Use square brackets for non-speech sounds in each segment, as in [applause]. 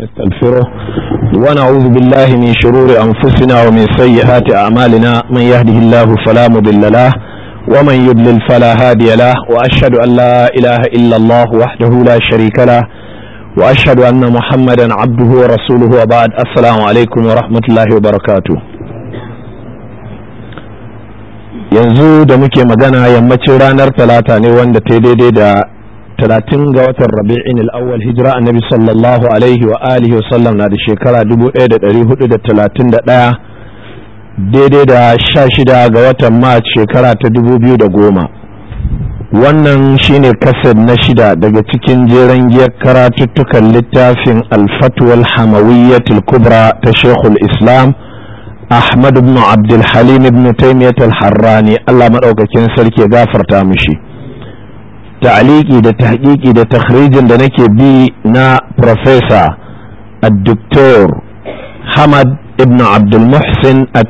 نستغفره ونعوذ بالله من شرور أنفسنا ومن سيئات أعمالنا من يهده الله فلا مضل له ومن يضلل فلا هادي له وأشهد أن لا إله إلا الله وحده لا شريك له وأشهد أن محمدا عبده ورسوله وبعد السلام عليكم ورحمة الله وبركاته yanzu da muke magana yammacin ranar talata ne wanda ta daidai da talatin ga watan rabi'in al'awwal hijira annabi sallallahu alaihi wa alihi wasallam na da shekara 1431 daidai da sha shida ga watan march shekara ta 2010 wannan shine kasar na shida daga cikin jeren giyar karatuttukan littafin alfatwal hamawiyyatul kubra ta shekul islam ahmad ibn abdulhalim ibn taimiyat al-harrani allah maɗaukakin sarki ya gafarta mishi ta'aliki da tahqiqi da takhrijin da nake bi na professor ad-doktor Hamad ibn Abdul Muhsin at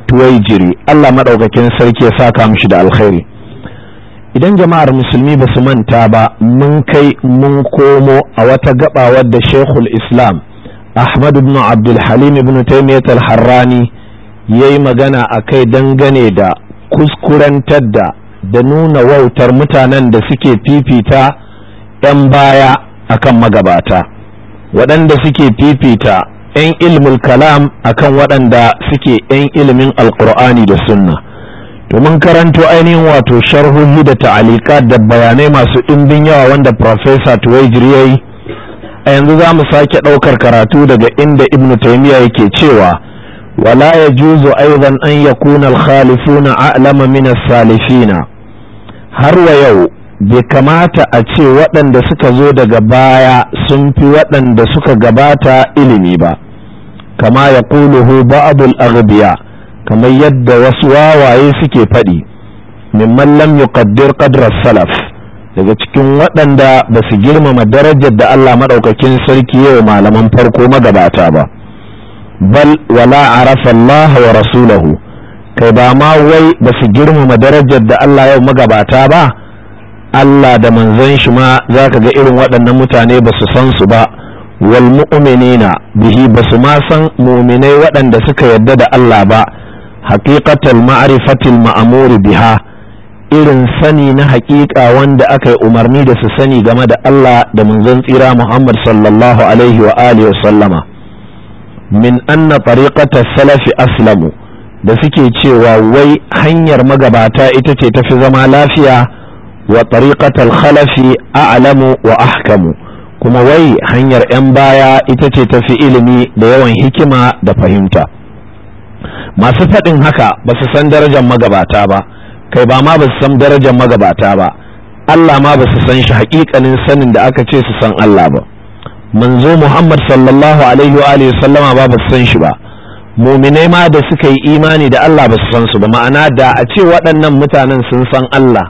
Allah madaukakin sarki ya saka mishi da alkhairi idan jama'ar musulmi ba su manta ba mun kai mun komo a wata gaba da Sheikhul Islam Ahmad ibn abdulhalim Halim ibn Taymiyyah Al-Harrani yayi magana akai dangane da kuskurantar da da nuna wautar mutanen da suke fifita 'yan baya akan magabata waɗanda suke fifita 'yan ilmul kalam akan waɗanda suke 'yan ilmin alƙur'ani da sunna to karanto ainihin wato sharhuhi da ta'alika da bayanai masu ɗimbin yawa wanda profesa tuwaijiri ya yi a yanzu za mu sake ɗaukar karatu daga inda ibn taymiya yake cewa wala ya juzo aizan an yakuna al-khalifuna a'lama min salifina har wa yau bai kamata a ce waɗanda suka zo daga baya sun fi waɗanda suka gabata ilimi ba kama ya ƙuluhu ba'adul aghbiya kamar yadda wasu wawaye suke faɗi mimman lam yuqaddir qadra salaf daga cikin waɗanda ba su girmama darajar da Allah maɗaukakin sarki yau malaman farko magabata ba bal wala arafa Allah wa rasulahu kai ba ma wai ba su girmama darajar da Allah yau magabata ba Allah da manzon shi ma za ka ga irin waɗannan mutane ba su san su ba wal mu'minina bihi ba su ma san muminai waɗanda suka yarda da Allah ba haqiqatal ma'rifatil ma'amuri biha irin sani na haƙiƙa wanda aka yi umarni da su sani game da Allah da manzon tsira Muhammad sallallahu alaihi wa alihi wa sallama min anna tariqata salafi aslamu da suke cewa wai hanyar magabata ita ce tafi zama lafiya wa tariqatal khalafi a'lamu wa ahkamu kuma wai hanyar 'yan baya ita ce tafi ilimi da yawan hikima da fahimta masu faɗin haka ba su san darajar magabata ba kai ba ma ba su san darajar magabata ba Allah ma ba su san shi haƙiƙanin sanin da aka ce su san Allah ba manzo Muhammad sallallahu alaihi wa alihi sallama ba ba su san shi ba muminai ma da suka yi imani da Allah ba su san su ba ma'ana da a ce waɗannan mutanen sun san Allah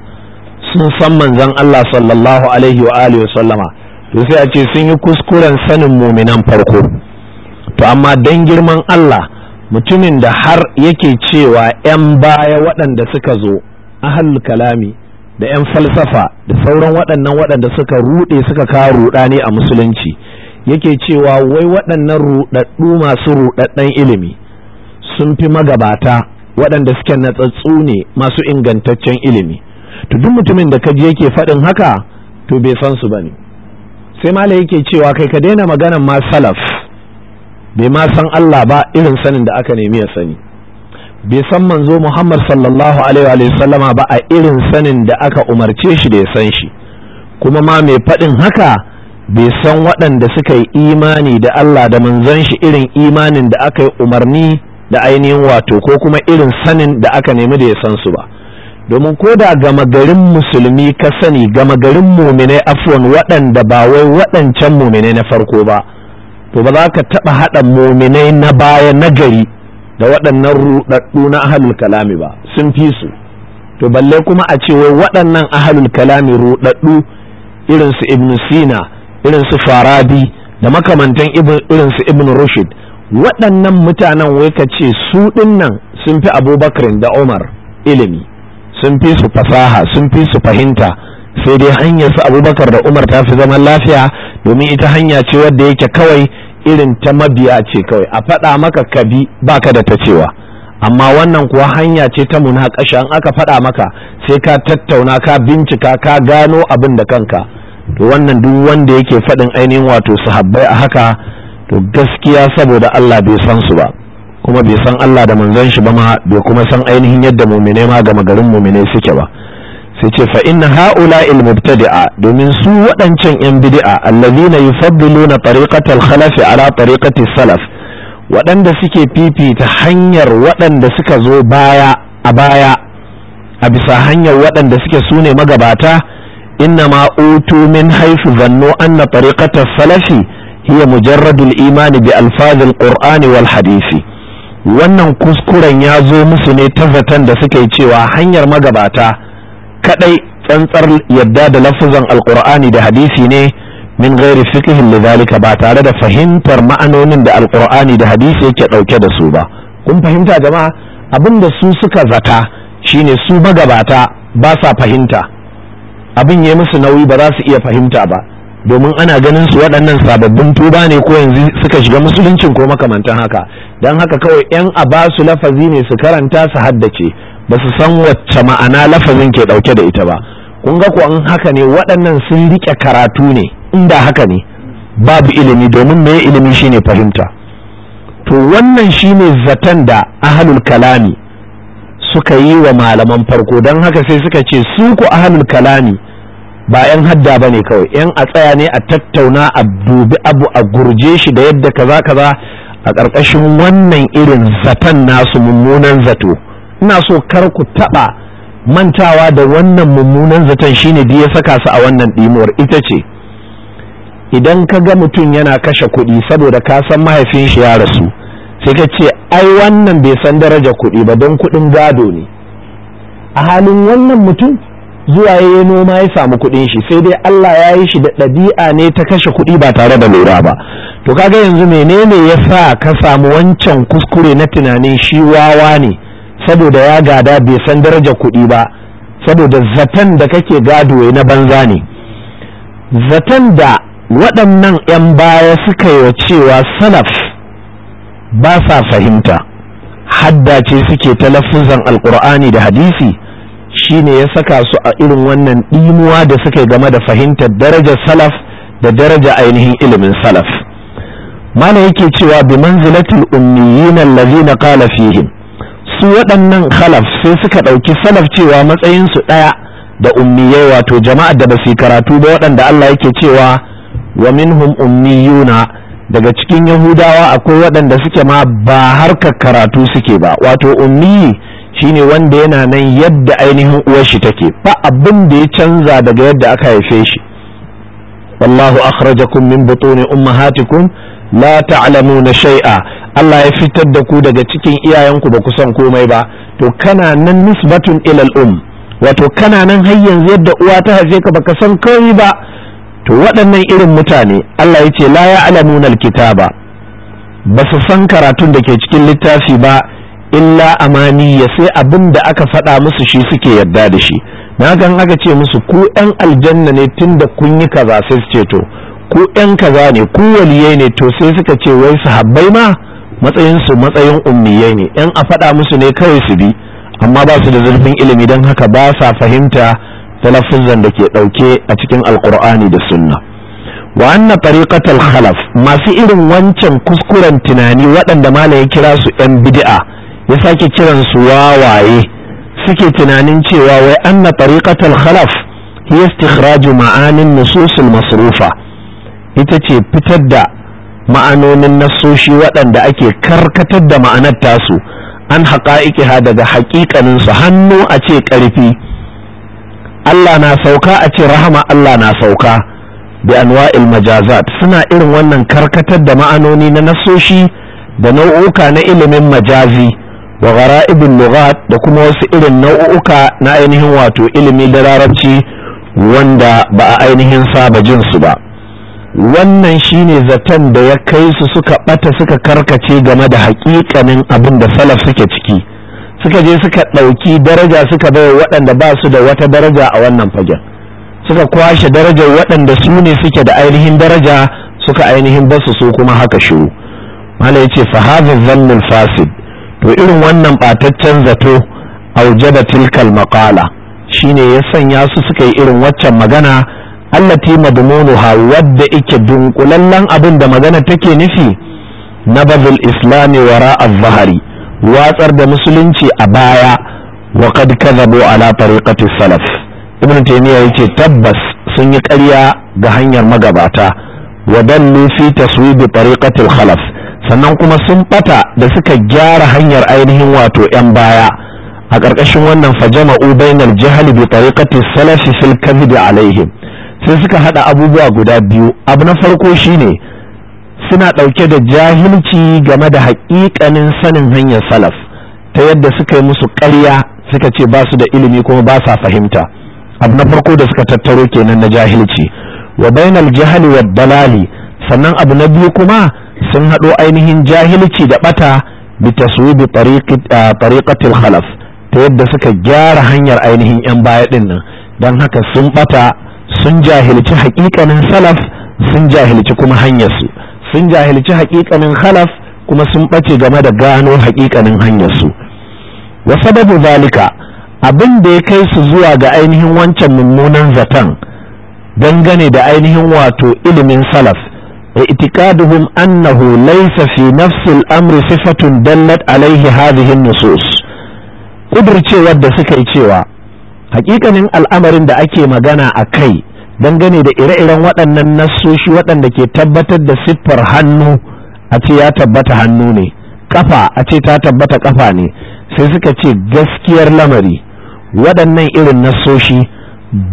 sun san manzon Allah sallallahu alaihi wa alihi wa sallama to sai a ce sun yi kuskuren sanin muminan farko to amma dan girman Allah mutumin da har yake cewa 'yan baya waɗanda suka zo ahal kalami da 'yan falsafa da sauran waɗannan waɗanda suka ruɗe suka kawo ruɗani a musulunci yake cewa wai waɗannan ruɗaɗɗu masu ruɗaɗɗen ilimi sun fi magabata waɗanda suke natsatsu ne masu ingantaccen ilimi to duk mutumin da kaji yake faɗin haka to bai san su bane sai malai yake cewa kai ka daina maganan ma salaf bai ma san Allah ba irin sanin da aka nemi ya sani bai san manzo Muhammad sallallahu alaihi wa sallama ba a irin sanin da aka umarce shi da ya san shi kuma ma mai faɗin haka bai san waɗanda suka yi imani da Allah da manzon shi irin imanin da aka yi umarni da ainihin wato ko kuma irin sanin da aka nemi da ya san su ba domin ko da gama garin musulmi ka sani gama garin muminai afwan waɗanda ba wai waɗancan muminai na farko ba to ba za ka taɓa haɗa muminai na baya na gari da waɗannan ruɗaɗɗu na ahalul kalami ba sun fi su to balle kuma a ce wai waɗannan ahalul kalami ruɗaɗɗu irin su ibn sina irin su farabi da makamantan irin su ibn rushd waɗannan mutanen wai ka ce su ɗinnan sun fi abubakar da umar ilimi sun fi su fasaha sun fi su fahimta sai dai hanyar su abubakar da umar ta fi zaman lafiya domin ita hanya ce wadda yake kawai irin ta mabiya ce kawai a faɗa maka kabi baka da ta cewa amma wannan kuwa hanya ce ta munakasha in aka faɗa maka sai ka tattauna ka bincika ka gano abin da kanka to wannan duk wanda yake faɗin ainihin wato sahabbai a haka to gaskiya saboda Allah bai san su ba kuma bai san Allah da manzon shi ba ma bai kuma san ainihin yadda mumine ma gama garin mumine suke ba sai ce fa inna haula il mubtadi'a domin su waɗancan yan bid'a allazina yufaddiluna al khalafi ala tariqati salaf waɗanda suke fifita hanyar waɗanda suka zo baya a baya a bisa hanyar waɗanda suke sune magabata inna ma utu min haifu zanno anna tariqata salafi iya mujarradul imani bi alfazil Kur'ani wal hadisi wannan kuskuren ya zo musu ne ta zaton da suke cewa hanyar magabata kadai tsantsar yadda da lafuzan alkur'ani da hadisi ne min gairi fikihin lidhalika ba tare da fahimtar ma'anonin da alqur'ani da hadisi yake dauke da su ba kun fahimta jama'a abin da su suka zata shine su magabata ba sa fahimta abin ya musu nauyi ba za su iya fahimta ba domin ana ganin su waɗannan sababbin tuba ne ko yanzu suka shiga musuluncin ko makamantan haka don haka kawai 'yan a abasu lafazi ne su karanta su haddace ba su san wacce ma'ana lafazin ke ɗauke da ita ba kun ga ko an haka ne waɗannan sun riƙe karatu ne inda haka ne babu ilimi domin mai ilimi shine fahimta to wannan shine zaton da ahalul kalami suka yi wa malaman farko don haka sai suka ce su ku ahlul kalami ba 'yan hadda ba ne kawai 'yan a tsaya ne a tattauna a dubi abu a gurje shi da yadda kaza kaza a ƙarƙashin wannan irin zaton nasu mummunan zato ina so kar ku taɓa mantawa da wannan mummunan zaton shine da ya saka su a wannan ɗimuwar ita ce idan ka ga mutum yana kashe kuɗi saboda ka san mahaifin shi ya rasu sai ka ce ai wannan bai san daraja kuɗi ba don kuɗin gado ne a halin wannan mutum zuwa ya yi noma ya samu kuɗin shi sai dai Allah ya yi shi da ɗabi'a ne ta kashe kuɗi ba tare da lura ba to kaga yanzu menene ya sa ka samu wancan kuskure na tunanin shi wawa ne saboda ya gada bai san daraja kuɗi ba saboda zaton da kake gado na banza ne zaton da waɗannan 'yan baya suka yi wa cewa salaf ba sa fahimta hadda ce suke talaffuzan alkur'ani da hadisi shine ya saka su a irin wannan ɗimuwa da suke game da fahimtar darajar salaf da daraja ainihin ilimin salaf mana yake cewa bi manzilatil ummiyin allazina qala fihim su waɗannan khalaf sai suka ɗauki salaf cewa matsayin su ɗaya da ummiyai wato jama'ar da basu karatu ba waɗanda Allah yake cewa wa minhum ummiyuna daga cikin yahudawa akwai waɗanda suke ma ba harka karatu suke ba wato ummi shine wanda yana nan yadda ainihin uwar shi take ba abin da ya canza daga yadda aka haife shi wallahu akhrajakum min butuni ummahatikum la ta'lamuna shay'a Allah ya fitar da ku daga cikin iyayenku ba ku san komai ba to kana nan nisbatun ilal um wato kana nan har yanzu yadda uwa ta haife ka baka san komai ba to waɗannan irin mutane Allah ya ce la ya alamuna alkitaba ba su san karatun da ke cikin littafi ba illa amaniya sai abin da aka faɗa musu shi suke yadda da shi na gan aka ce musu ku ɗan aljanna ne tunda kun yi kaza sai su ce to ku ɗan kaza ne ku waliyai ne to sai suka ce wai sahabbai ma matsayin su matsayin ummiyai ne ɗan a faɗa musu ne kawai su bi amma ba su da zurfin ilimi don haka ba sa fahimta talaffuzan da ke ɗauke a cikin alkur'ani da sunna wa anna tariqatal khalaf masu irin wancan kuskuren tunani waɗanda malam ya kira su yan bid'a ya sake kiran su wawaye suke tunanin cewa wai anna tariqatal khalaf hiya istikhraju ma'anin nususul masrufa ita ce fitar da ma'anonin nasoshi waɗanda ake karkatar da ma'anar tasu an haƙa'iƙiha daga haƙiƙaninsu hannu a ce ƙarfi Allah na sauka a ce rahama Allah na sauka bi anwa'il majazat suna irin wannan karkatar da ma'anoni na nasoshi da nau'uka na ilimin majazi wa ibin lughat da kuma wasu irin nau'uka na ainihin wato ilimi da larabci wanda ba a ainihin saba jinsu ba wannan shine zaton da ya kai su suka ɓata suka karkace game da hakikanin abin da salaf suke ciki suka je suka ɗauki daraja suka bai waɗanda ba su da wata daraja a wannan fagen suka kwashe darajar waɗanda su ne suke da ainihin daraja suka ainihin basu su kuma haka shiru mala ya ce fahazin zannin fasid to irin wannan ɓataccen zato auje da tilkal maƙala shine ya sanya su suka yi irin waccan magana allati madmunuha wadda ike dunkulallen abin da magana take nufi na bazul islami wara zahari watsar da musulunci a baya wa kad kadhabu ala tariqati salaf ibn taymiya yace tabbas sun yi ƙarya ga hanyar magabata wa dallu fi taswib tariqati al-khalaf sannan kuma sun bata da suka gyara hanyar ainihin wato yan baya a ƙarƙashin wannan fajama'u bainal jahali bi tariqati salaf fil kadhib alaihim sai suka hada abubuwa guda biyu abu na farko shine suna ɗauke da jahilci game da haƙiƙanin sanin hanyar salaf ta yadda suka yi musu ƙarya suka ce ba su da ilimi kuma ba sa fahimta abu na farko da suka tattaro kenan na jahilci wa bainal jahali wa dalali sannan abu na biyu kuma sun haɗo ainihin jahilci da ɓata bi taswibi tariqatil khalaf ta yadda suka gyara hanyar ainihin yan baya ɗin nan don haka sun ɓata sun jahilci haƙiƙanin salaf sun jahilci kuma hanyarsu sun jahilci haƙiƙanin halaf kuma sun ɓace game da gano haƙiƙanin hanyarsu wa sababu zalika abin da ya kai su zuwa ga ainihin wancan mummunan zaton dangane da ainihin wato ilimin salaf da أنه annahu في نفس amri sifatun dallat alaihi hadhihi النصوص قدر cewa da suka yi cewa haƙiƙanin al'amarin da ake magana a kai dangane da ire-iren waɗannan nassoshi waɗanda ke tabbatar da siffar hannu a ce ya tabbata hannu ne ƙafa a ce ta tabbata ƙafa ne sai suka ce gaskiyar lamari waɗannan irin nasoshi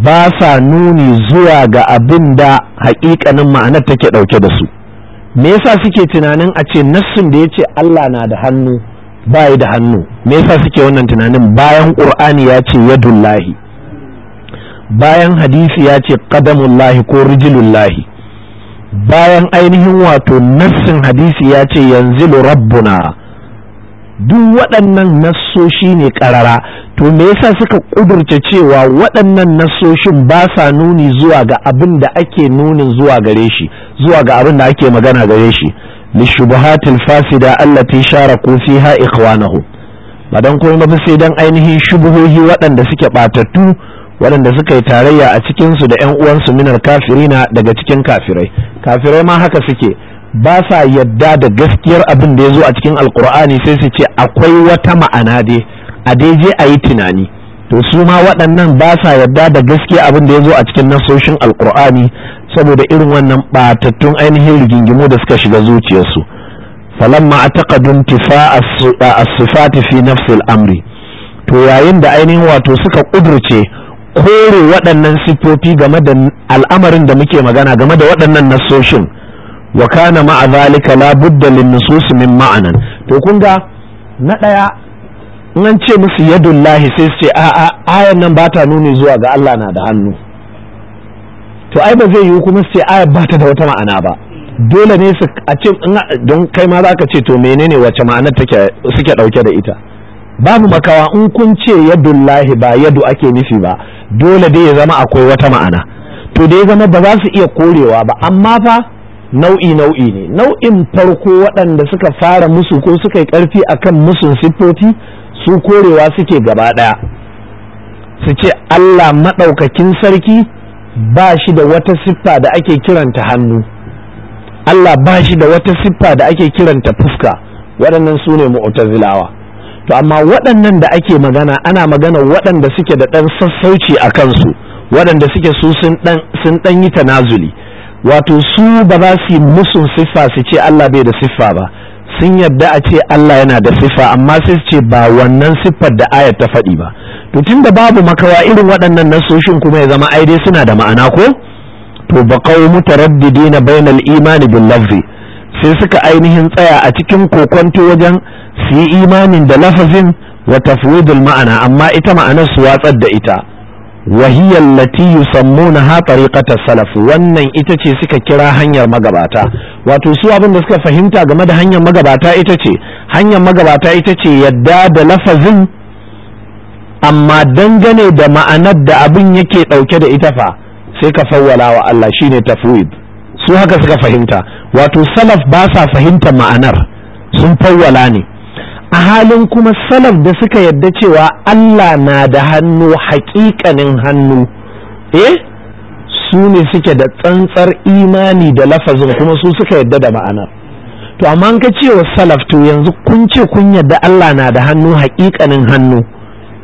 ba sa nuni zuwa ga abin da haƙiƙanin ma'anar take ɗauke da su me yasa suke tunanin a ce nassun da ya ce Allah na da hannu ba da hannu me yasa suke wannan tunanin bayan ƙur'ani ya ce yadullahi bayan hadisi ya ce qadamullahi ko rijilullahi bayan ainihin wato nassin hadisi ya ce yanzilu rabbuna duk waɗannan nassoshi ne ƙarara to me yasa suka ƙudurce cewa waɗannan nassoshin ba sa nuni zuwa ga abin da ake nunin zuwa gare shi zuwa ga abin da ake magana gare shi lishubuhatil fasida allati sharaku fiha ikhwanahum ba dan kuma ba sai dan ainihin shubuhohi waɗanda suke ɓatattu waɗanda suka yi tarayya a cikinsu da ‘yan uwansu minar kafirina daga cikin kafirai kafirai ma haka suke ba sa yadda da gaskiyar abin da ya zo a cikin alkur'ani sai su ce akwai wata ma'ana dai a dai je a yi tunani to su ma waɗannan ba sa yadda da gaskiyar abin da ya zo a cikin nasoshin alkur'ani saboda irin wannan ɓatattun ainihin rigingimu da suka shiga zuciyarsu falamma ataqadun tifa a sifati fi nafsil amri to yayin da ainihin wato suka ƙudurce. kore waɗannan siffofi game da al'amarin da muke magana game da waɗannan nasoshin wa kana ma'a zalika la budda lin nusus min ma'anan to kun ga na ɗaya in an ce musu yadullahi sai su ce a'a ayan nan ba ta nuni zuwa ga Allah na da hannu to ai ba zai yi kuma su ce ayar ba ta da wata ma'ana ba dole ne su a ce don kai ma za ka ce to menene wace ma'anar take suke dauke da ita babu makawa in kun ce yadullahi ba yadu ake nufi ba dole dai ya zama akwai wata ma'ana to da ya zama ba za su iya korewa ba amma fa nau'i nau'i ne nau'in farko waɗanda suka fara musu ko suka yi ƙarfi akan musun siffofi su korewa suke gaba ɗaya su ce Allah maɗaukakin sarki ba shi da wata siffa da ake kiranta hannu Allah ba shi da wata siffa da ake kiranta fuska waɗannan su ne mu'tazilawa to amma waɗannan da ake magana ana magana waɗanda suke da ɗan sassauci a kansu waɗanda suke su sun ɗan yi tanazuli wato su ba za su yi musun siffa su ce Allah bai da siffa ba sun yadda a ce Allah yana da siffa amma sai su ce ba wannan siffar da ayat ta faɗi ba to tun da babu makawa irin waɗannan nasoshin kuma ya zama ai dai suna da ma'ana ko to ba kawo baqaw mutaraddidina bainal imani bil lafzi sai suka ainihin tsaya a cikin kokonto wajen su yi imanin da lafazin wa tafwidul ma'ana amma ita ma'anar su watsar da ita وهي التي يسمونها طريقة السلف wannan ita ce suka kira hanyar magabata wato su abin da suka fahimta game da hanyar magabata ita ce hanyar magabata ita ce yadda da lafazin amma dangane da ma'anar da abin yake dauke da ita fa sai ka fawwala wa Allah shine tafwid su haka suka fahimta wato salaf ba sa fahimta ma'anar sun fawwala ne a halin kuma salaf da suka yadda cewa Allah na da hannu hakikanin hannu eh su ne suke da tsantsar imani da lafazin kuma su suka yadda da ma'anar to amma ka ce wa salaf to yanzu kun ce kun yadda Allah na da hannu hakikanin hannu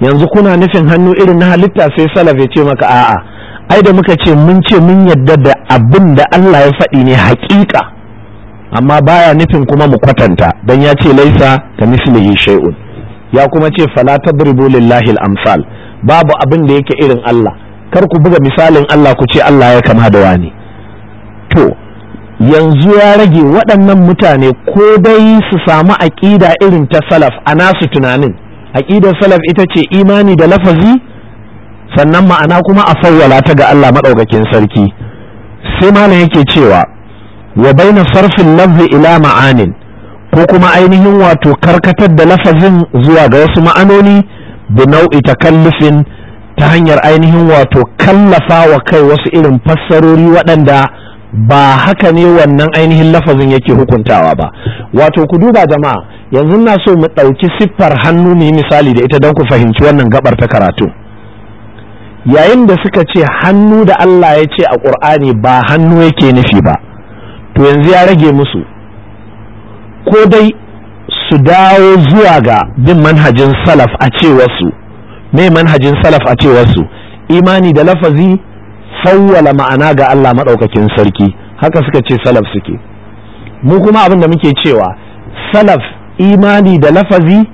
yanzu kuna nufin hannu irin na halitta sai salaf ya ce maka a'a ai da muka ce mun ce mun yadda da abin da Allah ya faɗi ne haƙiƙa amma baya nufin kuma mu kwatanta don ya ce laisa ka mislihi shay'un ya kuma ce fala tadribu lillahi al-amsal babu abin da yake irin Allah kar ku buga misalin Allah ku ce Allah ya kama da wani to yanzu ya rage waɗannan mutane ko dai su samu aƙida irin ta salaf a nasu tunanin aƙidar salaf ita ce imani da lafazi sannan ma'ana kuma a fawwala ta ga Allah maɗaukakin sarki sai malam yake cewa wa baina sarfin lafzi ila ma'anin ko kuma ainihin wato karkatar da lafazin zuwa ga wasu ma'anoni bi nau'i takallufin ta hanyar ainihin wato kallafa wa kai wasu irin fassarori waɗanda ba haka ne wannan ainihin lafazin yake hukuntawa ba wato ku duba jama'a yanzu na so mu ɗauki siffar hannu ne misali da ita don ku fahimci wannan gabar ta karatu yayin da suka ce hannu da Allah ya ce a ƙur'ani ba hannu yake nufi ba to yanzu ya rage musu ko dai su dawo zuwa ga bin manhajin salaf a cewarsu me manhajin salaf a cewarsu imani da lafazi fawwala ma'ana ga Allah maɗaukakin sarki haka suka ce salaf suke mu kuma abin da muke cewa salaf imani da lafazi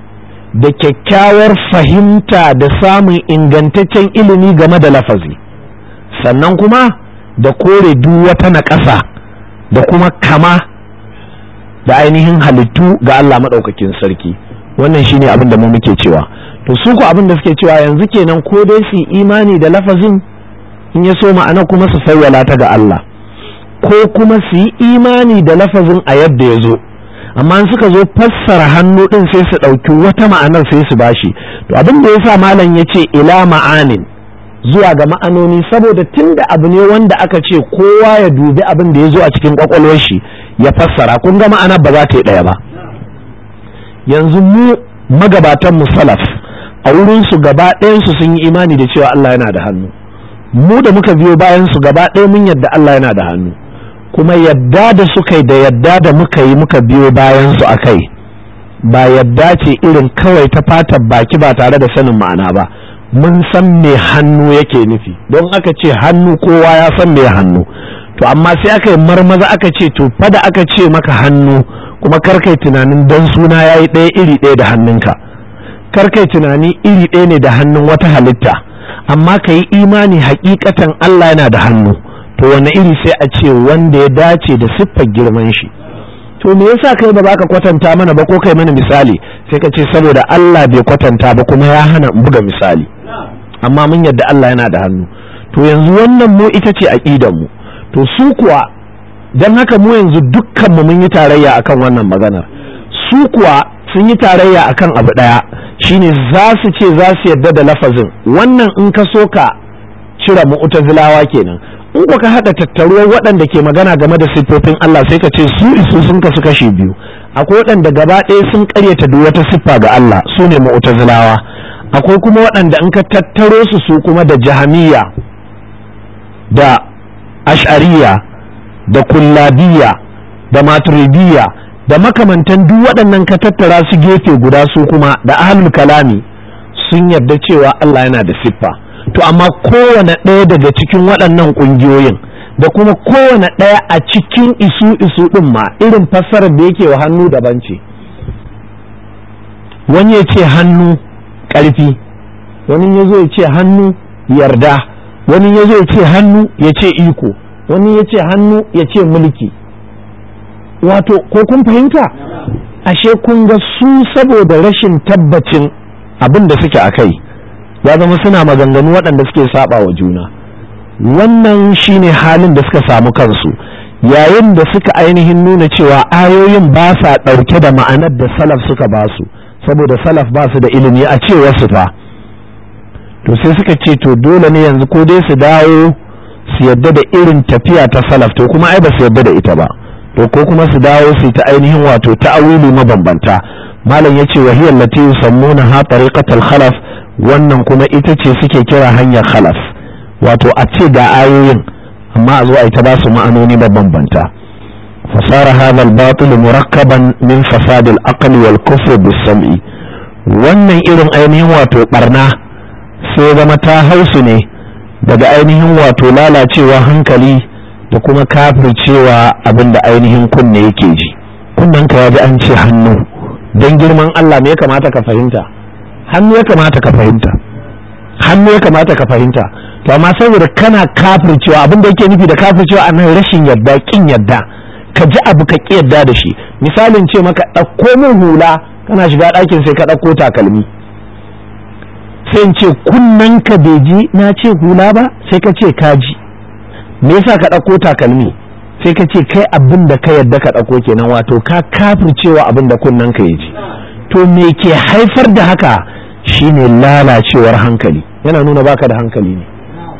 da kyakkyawar fahimta da samun ingantaccen ilimi game da lafazi sannan kuma da kore duk wata ƙasa da kuma kama da ainihin halittu ga Allah maɗaukakin sarki wannan shi ne abin da mu muke cewa to su ku abin da suke cewa yanzu kenan ko dai su imani da lafazin in ya so ma'ana kuma su fawwala ta ga Allah ko kuma su yi imani da lafazin a yadda ya zo amma suka zo fassara hannu din sai su ɗauki wata ma'anar sai su bashi to abin da yasa malam ya ce ila ma'anin zuwa ga ma'anoni saboda tunda abu ne wanda aka ce kowa ya dubi abin da ya zo a cikin kwakwalwar shi ya fassara kun ga ma'anar ba za ta yi ɗaya ba yanzu mu magabatan musalaf a wurin su gaba ɗayan su sun yi imani da cewa Allah yana da hannu mu da muka biyo bayan su gaba ɗaya mun yadda Allah yana da hannu kuma yadda da suka yi da yadda da muka yi muka biyo bayan su a kai, ba yadda ce irin kawai ta fatar baki ba tare da sanin ma'ana ba mun san me hannu yake nufi don aka ce hannu kowa ya san me hannu to amma sai aka yi marmaza aka ce to fada aka ce maka hannu kuma karkai tunanin don suna ya yi ɗaya iri ɗaya da hannunka karkai tunani iri ɗaya ne da hannun wata halitta amma ka yi imani hakikatan Allah yana da hannu to wani iri sai a ce wanda ya dace da siffar girman shi to me yasa kai ba baka ka kwatanta mana ba ko kai mana misali sai ka ce saboda Allah bai kwatanta ba kuma ya hana in buga misali amma mun yadda Allah yana da hannu to yanzu wannan mu ita ce aqidar mu to su kuwa dan haka mu yanzu dukkan mu mun yi tarayya akan wannan maganar su kuwa sun yi tarayya akan abu daya shine za su ce za su yadda da lafazin wannan in ka so ka cire mu'tazilawa kenan in ka haɗa tattaruwar waɗanda ke magana game da siffofin Allah sai ka ce su isu sun kasu kashe biyu akwai waɗanda gaba ɗaya sun karyata duk wata siffa ga Allah su ne mu'tazilawa akwai kuma waɗanda in ka tattaro su su kuma da jahamiya da ash'ariya da kullabiya da maturidiya da makamantan duk waɗannan ka tattara su gefe guda su kuma da ahlul kalami sun yarda cewa Allah yana da siffa to amma kowane ɗaya daga cikin waɗannan ƙungiyoyin da kuma kowane ɗaya a cikin isu isu ɗin ma irin fassarar da yake wa hannu daban ce wani ya ce hannu ƙarfi wani ya zo ya ce hannu yarda wani ya zo ya ce hannu ya ce iko wani ya ce hannu ya ce mulki wato ko kun fahimta ashe kun ga su saboda rashin tabbacin abin da suke a kai ya zama suna maganganu waɗanda suke saba wa juna wannan shine halin da suka samu kansu yayin da suka ainihin nuna cewa ayoyin ba sa ɗauke da ma'anar da salaf suka ba su saboda salaf ba su da ilimi a ce su fa to sai suka ce to dole ne yanzu ko dai su dawo su yadda da irin tafiya ta salaf to kuma ai ba su yadda da ita ba to ko kuma su dawo su ta ainihin wato ta'awili mabambanta malam yace wa hiya allati yusammuna ha katal khalaf wannan kuma ita ce suke kira hanyar khalaf wato a ce ga ayoyin amma a zo a yi ta ba su ma'anoni mabambanta fasara hadha al murakkaban min fasad al-aql wal kufr bis sam'i wannan irin ainihin wato barna sai zama ta hausu ne daga ainihin wato lalacewa hankali da kuma kafircewa abinda ainihin kunne yake ji kunnenka ya ji an ce hannu don girman Allah me ya kamata ka fahimta hannu ya kamata ka fahimta hannu ya kamata ka fahimta to amma saboda kana kafircewa abin da yake nufi da kafircewa a nan rashin yadda kin yadda ka ji abu ka ki yadda da shi misalin ce maka ɗauko min hula kana shiga ɗakin sai ka ɗauko takalmi sai in ce kunnen ka bai ji na ce hula ba sai ka ce ka ji me yasa ka ɗauko takalmi sai ka ce kai abinda ka yadda ka ɗauko kenan wato ka kafircewa abin da kunnen ka ya ji to me ke haifar da haka shine lalacewar hankali yana nuna baka da hankali ne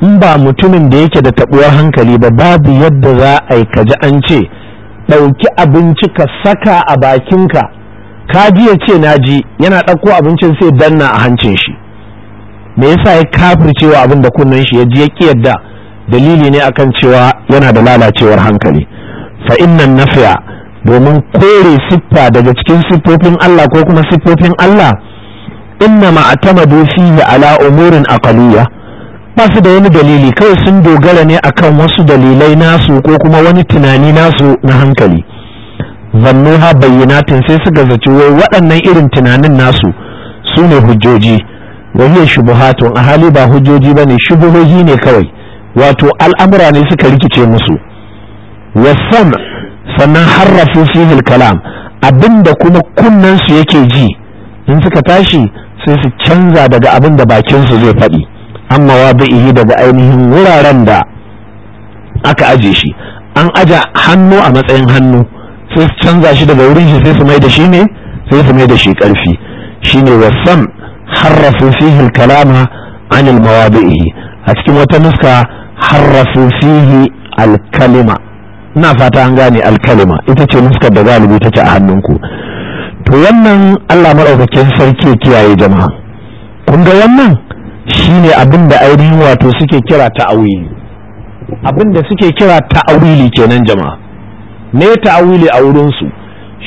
in ba mutumin da yake da tabuwar hankali ba babu yadda za a yi kaji an ce ɗauki abinci ka saka a bakinka kaji ya ce na ji yana ɗauko abincin sai danna a hancin shi me yasa ya kafircewa abin da kunnen shi ya ji ya ki yadda dalili ne akan cewa yana da lalacewar hankali fa innan nafi'a domin kore siffa daga cikin siffofin Allah ko kuma siffofin Allah inna ma atamadu fihi ala umurin aqaliyya ba su da wani dalili kawai sun dogara ne akan wasu dalilai nasu ko kuma wani tunani nasu na hankali zannuha bayyanatin sai suka zaci wai waɗannan irin tunanin nasu su ne hujjoji wani shubuhatun a hali ba hujjoji ba ne shubuhoji ne kawai wato al'amura ne suka rikice musu wasan sannan harrafu fihil kalam abinda kuma kunnen su yake ji in suka tashi sai su canza daga abin da bakin su zai faɗi amma wa bihi daga ainihin wuraren da aka aje shi an aja hannu a matsayin hannu sai su canza shi daga wurin shi sai su mai da shi ne sai su mai da shi karfi shine wasan harrafu fihi kalama an mawadihi a cikin wata nuska harrafu fihi alkalima ina fata an gane alkalima ita ce nuskar da galibi ta ce a hannunku to wannan Allah maɗaukakin sarki kiyaye jama'a kun ga wannan shine abin da ainihin wato suke kira ta'awili abin da suke kira ta'awili kenan jama'a me ta'awili a wurinsu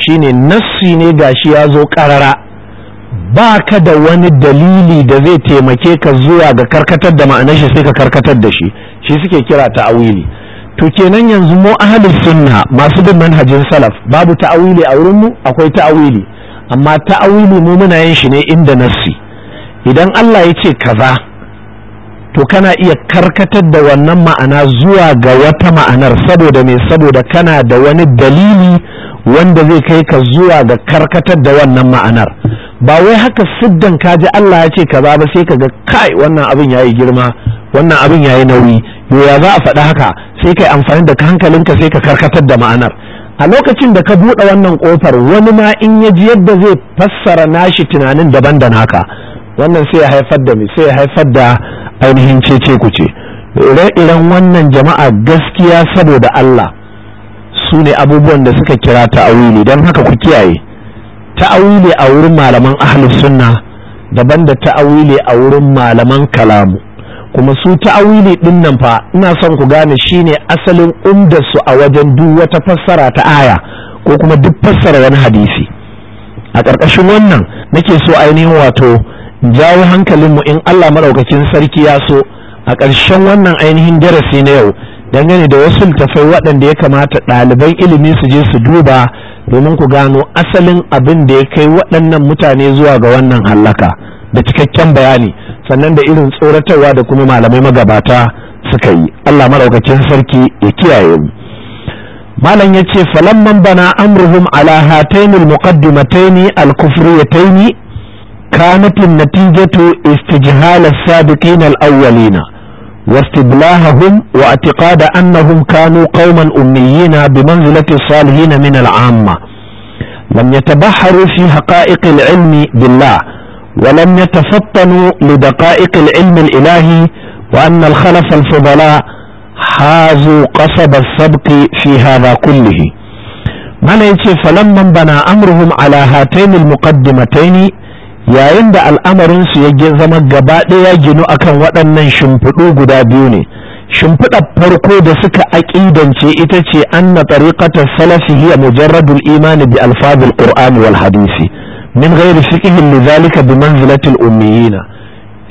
shine nassi ne shi ya zo karara ba ka da wani dalili da zai taimake ka zuwa ga karkatar da ma'anar shi sai ka karkatar da shi shi suke kira ta'awili to kenan yanzu mu ahlus sunna masu bin manhajin salaf babu ta'awili a wurin mu akwai ta'awili amma ta'awili mu muna yin shi ne inda nassi idan Allah ya ce kaza to kana iya karkatar da wannan ma'ana zuwa ga wata ma'anar saboda me saboda kana da wani dalili wanda zai kai ka zuwa ga karkatar da wannan ma'anar ba wai haka siddan ka ji Allah ya ce kaza ba sai ka ga kai wannan abin yayi girma wannan abin yayi nauyi yo ya za a faɗi haka sai ka yi amfani da hankalinka sai ka karkatar da ma'anar a lokacin da ka buɗe wannan ƙofar wani ma in ya ji yadda zai fassara nashi tunanin daban da naka wannan sai ya haifar da sai ya haifar da ainihin cece kuce ire-iren wannan jama'a gaskiya saboda Allah su ne abubuwan da suka kira ta'awili don haka ku kiyaye ta'awili a wurin malaman ahlus sunna daban da ta'awili a wurin malaman kalamu kuma su ta'awili din nan fa ina son ku gane shine asalin umdar su a wajen duk wata fassara ta aya ko kuma duk fassara wani hadisi a ƙarƙashin wannan nake so ainihin wato jawo hankalinmu in Allah madaukakin sarki ya so a ƙarshen wannan ainihin darasi na yau dangane da wasu littafai waɗanda ya kamata ɗaliban ilimi su je su duba domin ku gano asalin abin da ya kai waɗannan mutane zuwa ga wannan hallaka. da cikakken bayani sannan da irin tsoratarwa da kuma malamai magabata suka yi Allah maraukakin sarki ya kiyaye mu malam ya ce falamman bana amruhum ala hatainil muqaddimataini al-kufriyataini كانت النتيجة استجهال السابقين الأولين واستبلاههم واعتقاد أنهم كانوا قوما أميين بمنزلة الصالحين من العامة لم يتبحروا في حقائق العلم بالله ya ولم يتفطنوا لدقائق العلم الإلهي وأن الخلف الفضلاء حازوا قصب السبق في هذا كله mana ya ce falamman bana amurhum ala hatainil muqaddimataini yayin da al'amarinsu ya zama gaba ɗaya ginu akan waɗannan shimfiɗu guda biyu ne shimfiɗar farko da suka aƙidance ita ce anna tariqata salafi hiya mujarradul imani bi alfadil qur'ani wal hadisi min ghairi fiqhin li zalika bi al ummiyina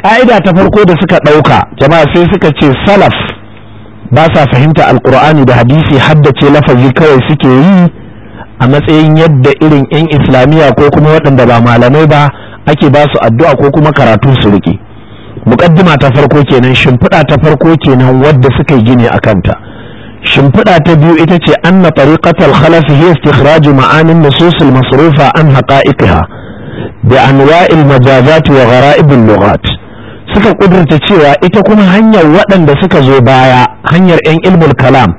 ƙa'ida ta farko da suka ɗauka jama'a sai suka ce salaf ba sa fahimta alqur'ani da hadisi haddace lafazi kawai suke yi a matsayin yadda irin 'yan islamiyya ko kuma waɗanda ba malamai ba ake ba su addu'a ko kuma karatu su riƙe muƙaddima ta farko kenan shimfiɗa ta farko kenan wadda suka yi gini a kanta shimfiɗa ta biyu ita ce anna tariqatal khalaf hiya istikhraju ma'anin nusus al-masrufa an haqa'iqiha bi anwa'il majazat suka kudurta cewa ita kuma hanyar waɗanda suka zo baya hanyar 'yan ilmul kalam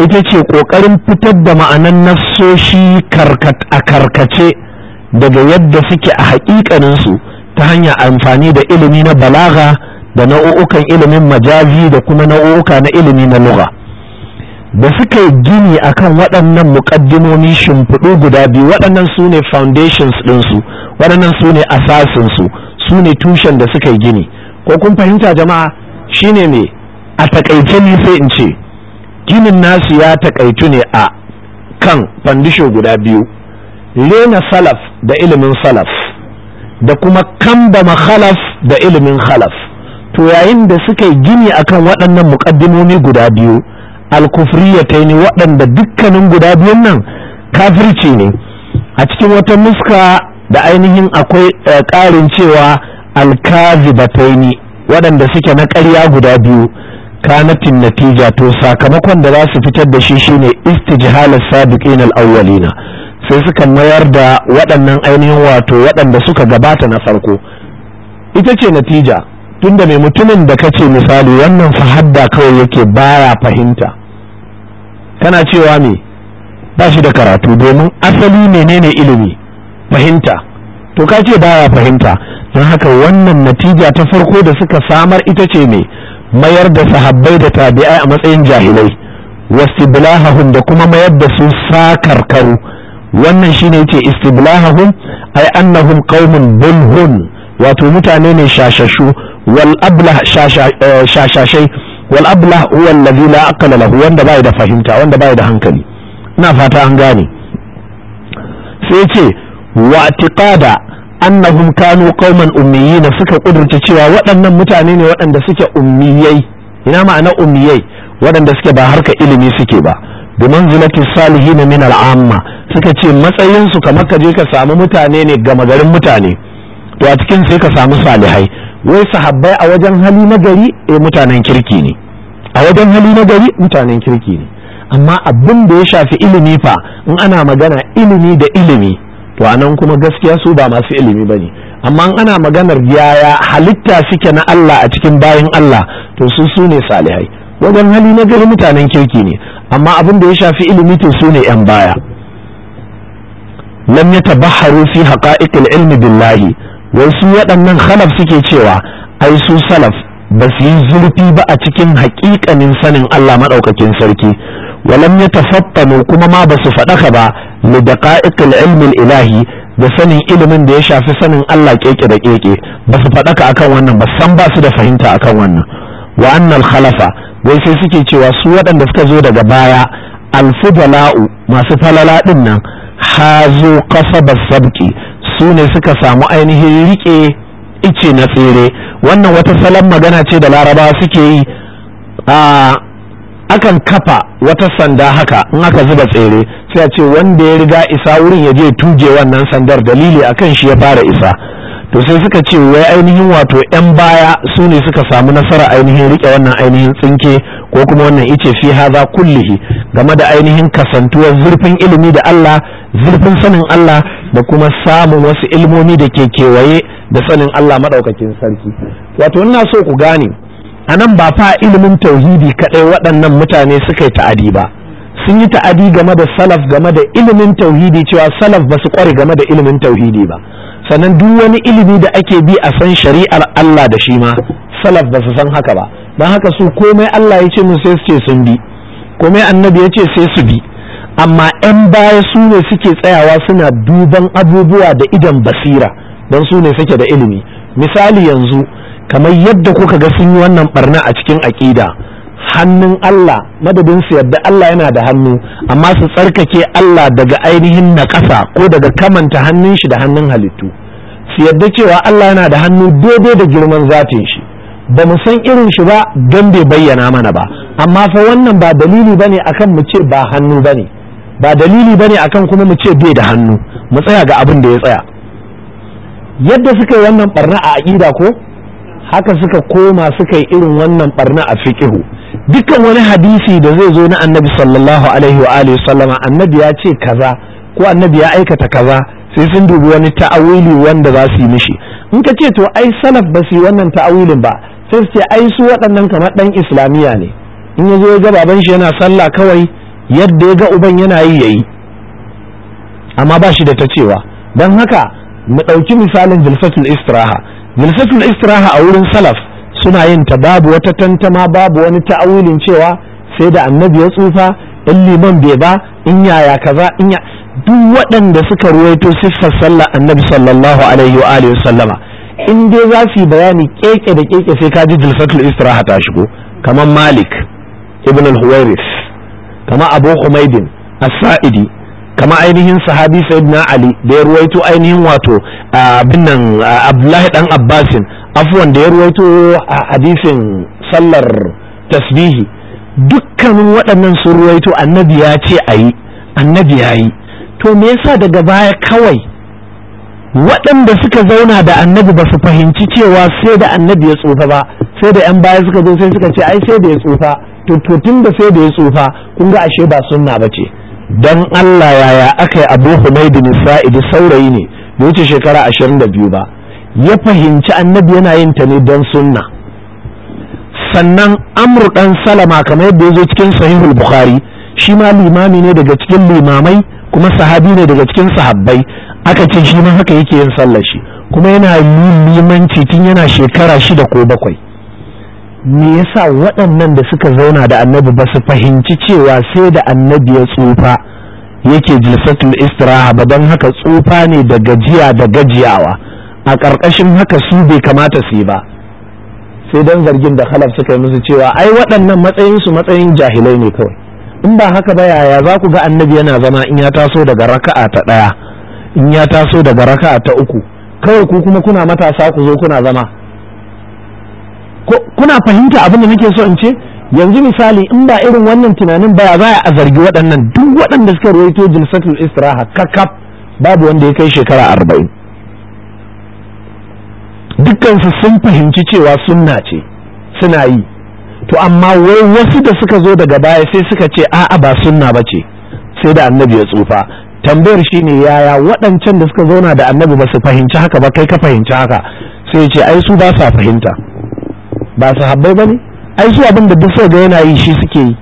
ita ce ƙoƙarin fitar da ma'anan nassoshi a karkace daga yadda suke a haƙiƙaninsu ta hanyar amfani da ilimi na balaga da nau'ukan ilimin majazi da kuma nau'uka na ilimi na lugha da suka yi gini akan waɗannan muƙaddimomi shimfiɗu guda biyu waɗannan su ne foundations ɗinsu waɗannan su ne asasinsu su ne tushen da suka yi gini ko kun fahimta jama'a shine ne a taƙaice ne sai in ce ginin nasu ya takaitu ne a kan fandisho guda biyu rena salaf da ilimin salaf da kuma kamba khalaf da ilimin khalaf to yayin da suka yi gini akan waɗannan muƙaddimomi guda biyu alkufriyataini waɗanda dukkanin guda biyun nan kafirci ne a cikin wata muska da ainihin akwai eh, ƙarin cewa alkazibataini waɗanda suke na ƙarya guda biyu kanatin natija to sakamakon da za su fitar da shi shine istijhalar sabiqin al-awwalina sai suka mayar da waɗannan ainihin wato waɗanda suka gabata na farko ita ce natija tunda mai mutumin da kace misali wannan fahadda kawai yake baya fahimta kana cewa me ba shi da karatu domin asali menene ilimi fahimta to ka ce baya fahimta don haka wannan natija ta farko da suka samar ita ce me mayar da sahabbai da tabi'ai a matsayin jahilai wastiblahahum da kuma mayar da su sakarkaru wannan shine yake istiblahahum ay annahum qaumun bulhun wato mutane ne shashashu wal ablah eh, shashashai wal abla huwa allazi la aqla lahu wanda bai da fahimta wanda bai da hankali ina fata an gane sai ce wa atiqada annahum kanu qauman ummiyin suka kudurta cewa waɗannan mutane ne waɗanda suke ummiyai ina ma'ana ummiyai waɗanda suke ba harka ilimi suke ba bi manzilati salihin min al'amma suka ce matsayinsu su kamar ka je ka samu mutane ne gama garin mutane to a cikin sai ka samu salihai wai sahabbai a wajen hali na gari eh mutanen kirki ne a wajen hali na gari mutanen kirki ne amma abin da ya shafi ilimi fa in ana magana ilimi da ilimi to anan kuma gaskiya su ba masu ilimi bane amma in ana maganar yaya halitta suke na Allah a cikin bayin Allah to su su ne salihai wajen hali na gari mutanen kirki ne amma abin da ya shafi ilimi to su ne yan baya lam yatabahharu fi haqa'iqil ilmi billahi wai su waɗannan khalaf suke cewa ai su salaf ba su yi zurfi ba a cikin haƙiƙanin sanin Allah maɗaukakin sarki walam ya tafattanu kuma ma ba su faɗaka ba li daqa'iqil ilmi ilahi da sanin ilimin da ya shafi sanin Allah keke da keke ba su faɗaka akan wannan ba san ba su da fahimta akan wannan wa annal khalafa wai sai suke cewa su waɗanda suka zo daga baya alfudala'u masu falala ɗin nan hazo kasaba sabki su ne suka samu ainihin riƙe ice na tsere wannan wata salon magana ce da larabawa suke yi a akan kafa wata sanda haka in aka zuba tsere sai a ce wanda ya riga isa wurin ya je tuje wannan sandar dalili akan shi ya fara isa to sai suka ce wai ainihin wato 'yan baya su ne suka samu nasara ainihin rike wannan ainihin tsinke ko kuma wannan ice fi haza kullihi game da ainihin kasantuwar zurfin ilimi da Allah zurfin sanin Allah da kuma samun wasu ilmomi da ke kewaye da sanin Allah maɗaukakin sarki wato ina so ku gane a nan ba fa ilimin tauhidi kaɗai waɗannan mutane suka yi ta'adi ba sun yi ta'adi game da salaf game da ilimin tauhidi cewa salaf ba su ƙware game da ilimin tauhidi ba sannan duk wani ilimi da ake bi a san shari'ar Allah da shi ma salaf ba su san haka ba don haka su komai Allah ya ce musu sai su ce sun bi komai annabi ya ce sai su bi amma 'yan baya su ne suke tsayawa suna duban abubuwa da idan basira don su ne suke da ilimi misali yanzu kamar yadda kuka ga sun yi wannan barna a cikin aƙida hannun Allah madadin su yadda Allah yana da hannu amma su tsarkake Allah daga ainihin na ƙasa ko daga kamanta hannun shi da hannun halittu su yadda cewa Allah yana da hannu daidai da girman zatin shi ba mu san irin shi ba don bai bayyana mana ba amma fa wannan ba dalili bane akan mu ce ba hannu bane ba dalili bane akan kuma mu ce bai da hannu mu tsaya ga abin da ya tsaya yadda suka yi wannan barna a aƙida ko haka suka koma suka yi irin wannan barna a fiqihu dukkan wani hadisi da zai zo na annabi sallallahu alaihi wa alihi sallama annabi ya ce kaza ko annabi ya aikata kaza sai sun dubi wani ta'awili wanda za su yi mishi in ka ce to ai salaf ba su yi wannan ta'awilin ba sai su ce ai su waɗannan kamar ɗan islamiyya ne in ya zo ya ga baban shi yana sallah kawai yadda ya ga uban yana yi yayi amma ba shi da ta cewa don haka mu ɗauki misalin jilsatul istiraha jilsatul istiraha a wurin salaf suna yin ta babu wata tantama babu wani ta'awilin cewa sai da annabi ya tsufa in liman bai ba in yaya kaza in ya duk waɗanda suka ruwaito siffar sallar annabi sallallahu alaihi wa alihi sallama in dai za su yi bayani keke da keke sai ka ji jilfatul istiraha ta shigo kamar malik ibn al-huwairis kamar abu humaidin as-sa'idi kama ainihin sahabi sayyidina ali da ya ruwaito ainihin wato abin nan abdullahi dan abbasin afwan da ya ruwaito hadisin sallar tasbihi dukkanin waɗannan sun ruwaito annabi ya ce a yi annabi ya yi to me yasa daga baya kawai waɗanda suka zauna da annabi ba su fahimci cewa sai da annabi ya tsufa ba sai da 'yan baya suka zo sai suka ce ai sai da ya tsufa to tun da sai da ya tsufa kun ga ashe ba sunna ba ce don Allah yaya aka yi abu humaidin nisa'idi saurayi ne bai wuce shekara ashirin da biyu ba ya fahimci annabi yana yin ta ne don sunna sannan amru dan salama kamar yadda ya zo cikin sahihul bukhari shi ma limami ne daga cikin limamai kuma sahabi ne daga cikin sahabbai aka ce shi ma haka yake yin sallar shi kuma yana limanci tun yana shekara shida ko bakwai me yasa waɗannan da suka zauna da annabi ba su fahimci cewa sai da annabi ya tsufa yake jilfatul istiraha ba don haka tsufa ne da gajiya da gajiyawa a ƙarƙashin haka su bai kamata su yi ba sai don zargin da khalaf suka yi musu cewa ai waɗannan matsayinsu matsayin jahilai ne kawai in ba haka ba yaya za ku ga annabi yana zama in ya taso daga raka'a ta ɗaya in ya taso daga raka'a ta uku kawai ku kuma kuna matasa ku zo kuna zama kuna fahimta abin da nake so in ce yanzu misali in ba irin wannan tunanin baya za a zargi waɗannan duk waɗanda suka rawaito jilsatul istiraha kakaf babu wanda ya kai shekara arba'in dukkansu sun fahimci cewa sunna ce suna yi to amma wai wasu da suka zo daga baya sai suka ce a'a ba sunna ba ce sai da annabi ya tsufa tambayar shine yaya waɗancan da suka zauna da annabi ba su fahimci haka ba kai ka fahimci haka sai ce ai su ba sa fahimta ba su habbai ba ne ai su abin da duk ga yana yi shi suke yi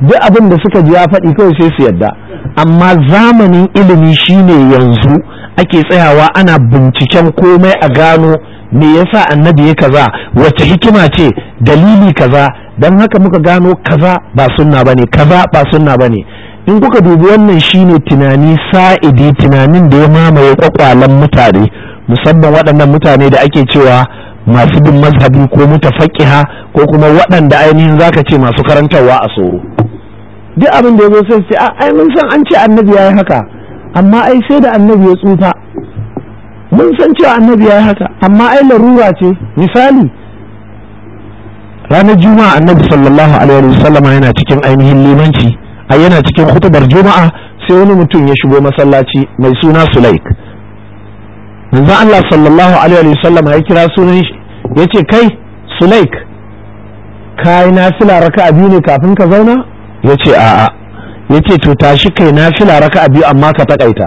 duk abinda suka ji ya faɗi kawai sai su yadda amma zamanin ilimi shine yanzu ake tsayawa ana binciken komai a gano me yasa annabi ya kaza wace hikima ce dalili kaza dan haka muka gano kaza ba sunna bane kaza ba sunna bane in kuka dubi wannan shine tunani sa'idi tunanin da ya mamaye kwakwalen mutane musamman waɗannan mutane da ake cewa masu bin mazhabi ko mutafaqiha ko kuma waɗanda ainihin zaka ce masu karantarwa a tsoro duk abin da yazo sai ce ai mun san an ce annabi yayi haka amma ai sai da annabi ya tsufa mun san cewa annabi yayi haka amma ai larura ce misali ranar juma'a annabi sallallahu alaihi wasallam yana cikin ainihin limanci ai yana cikin hutubar juma'a sai wani mutum ya shigo masallaci mai suna sulaik manzo Allah sallallahu alaihi wasallam ya kira sunan shi. ya ce kai sulaik ka yi nafila raka a biyu ne kafin ka zauna ya ce a'a ya ce to tashi kai nafila raka a amma ka takaita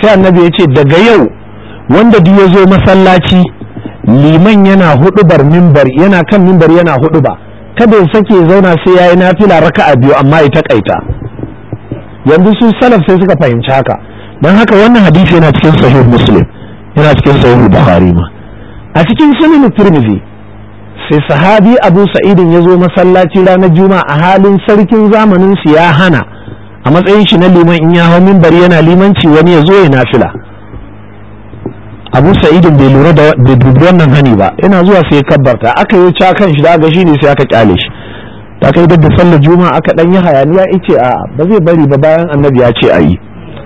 sai annabi ya ce daga yau wanda duk ya zo masallaci liman yana bar mimbar yana kan mimbar yana ba kada ya sake zauna sai ya yi nafila raka a biyu amma ya takaita yanzu su salaf sai suka fahimci haka don haka wannan hadisi yana cikin sahih muslim yana cikin sahih bukhari ma a cikin sunan turmizi sai sahabi abu sa'idin ya zo masallaci ranar juma'a a halin sarkin zamanin su ya hana a matsayin shi na liman in ya hau minbari yana limanci wani ya zo ya nafila abu sa'idin bai lura da wannan hani ba yana zuwa sai ya kabbarta aka yi ca kan shi da aka shi ne sai aka kyale shi ta kai da sallar juma'a aka dan yi hayaniya ce a ba zai bari ba bayan annabi ya ce a yi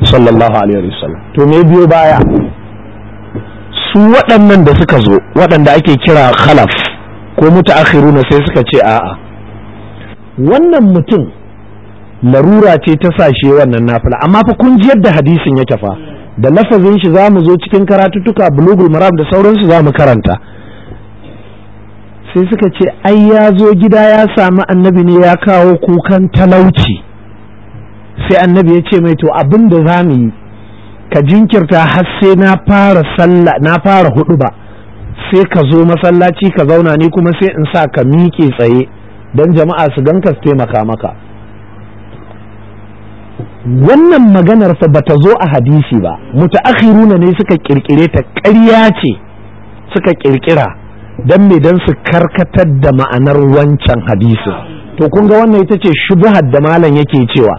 sallallahu alaihi wasallam to me biyo baya su waɗannan da suka zo waɗanda ake kira khalaf ko na sai suka ce a'a wannan mutum larura ce ta sashe wannan nafila amma fa kun ji yadda hadisin yake fa da lafazin shi zamu zo cikin karatuttuka bulugul maram da sauransu zamu karanta sai suka ce ai ya zo gida ya samu annabi ne ya kawo kukan talauci sai annabi ya ce mai to abin da zamu yi ka jinkirta har sai na fara sallah na fara hudu ba sai ka zo masallaci ka zauna ni kuma sai in sa ka miƙe tsaye don jama'a su ganka su taimaka maka wannan maganar fa bata zo a hadisi ba mutaakhiruna ne suka kirkire ta ƙarya ce suka kirkira don me don su karkatar da ma'anar wancan hadisi to kun ga wannan ita ce shubuhar da malam yake cewa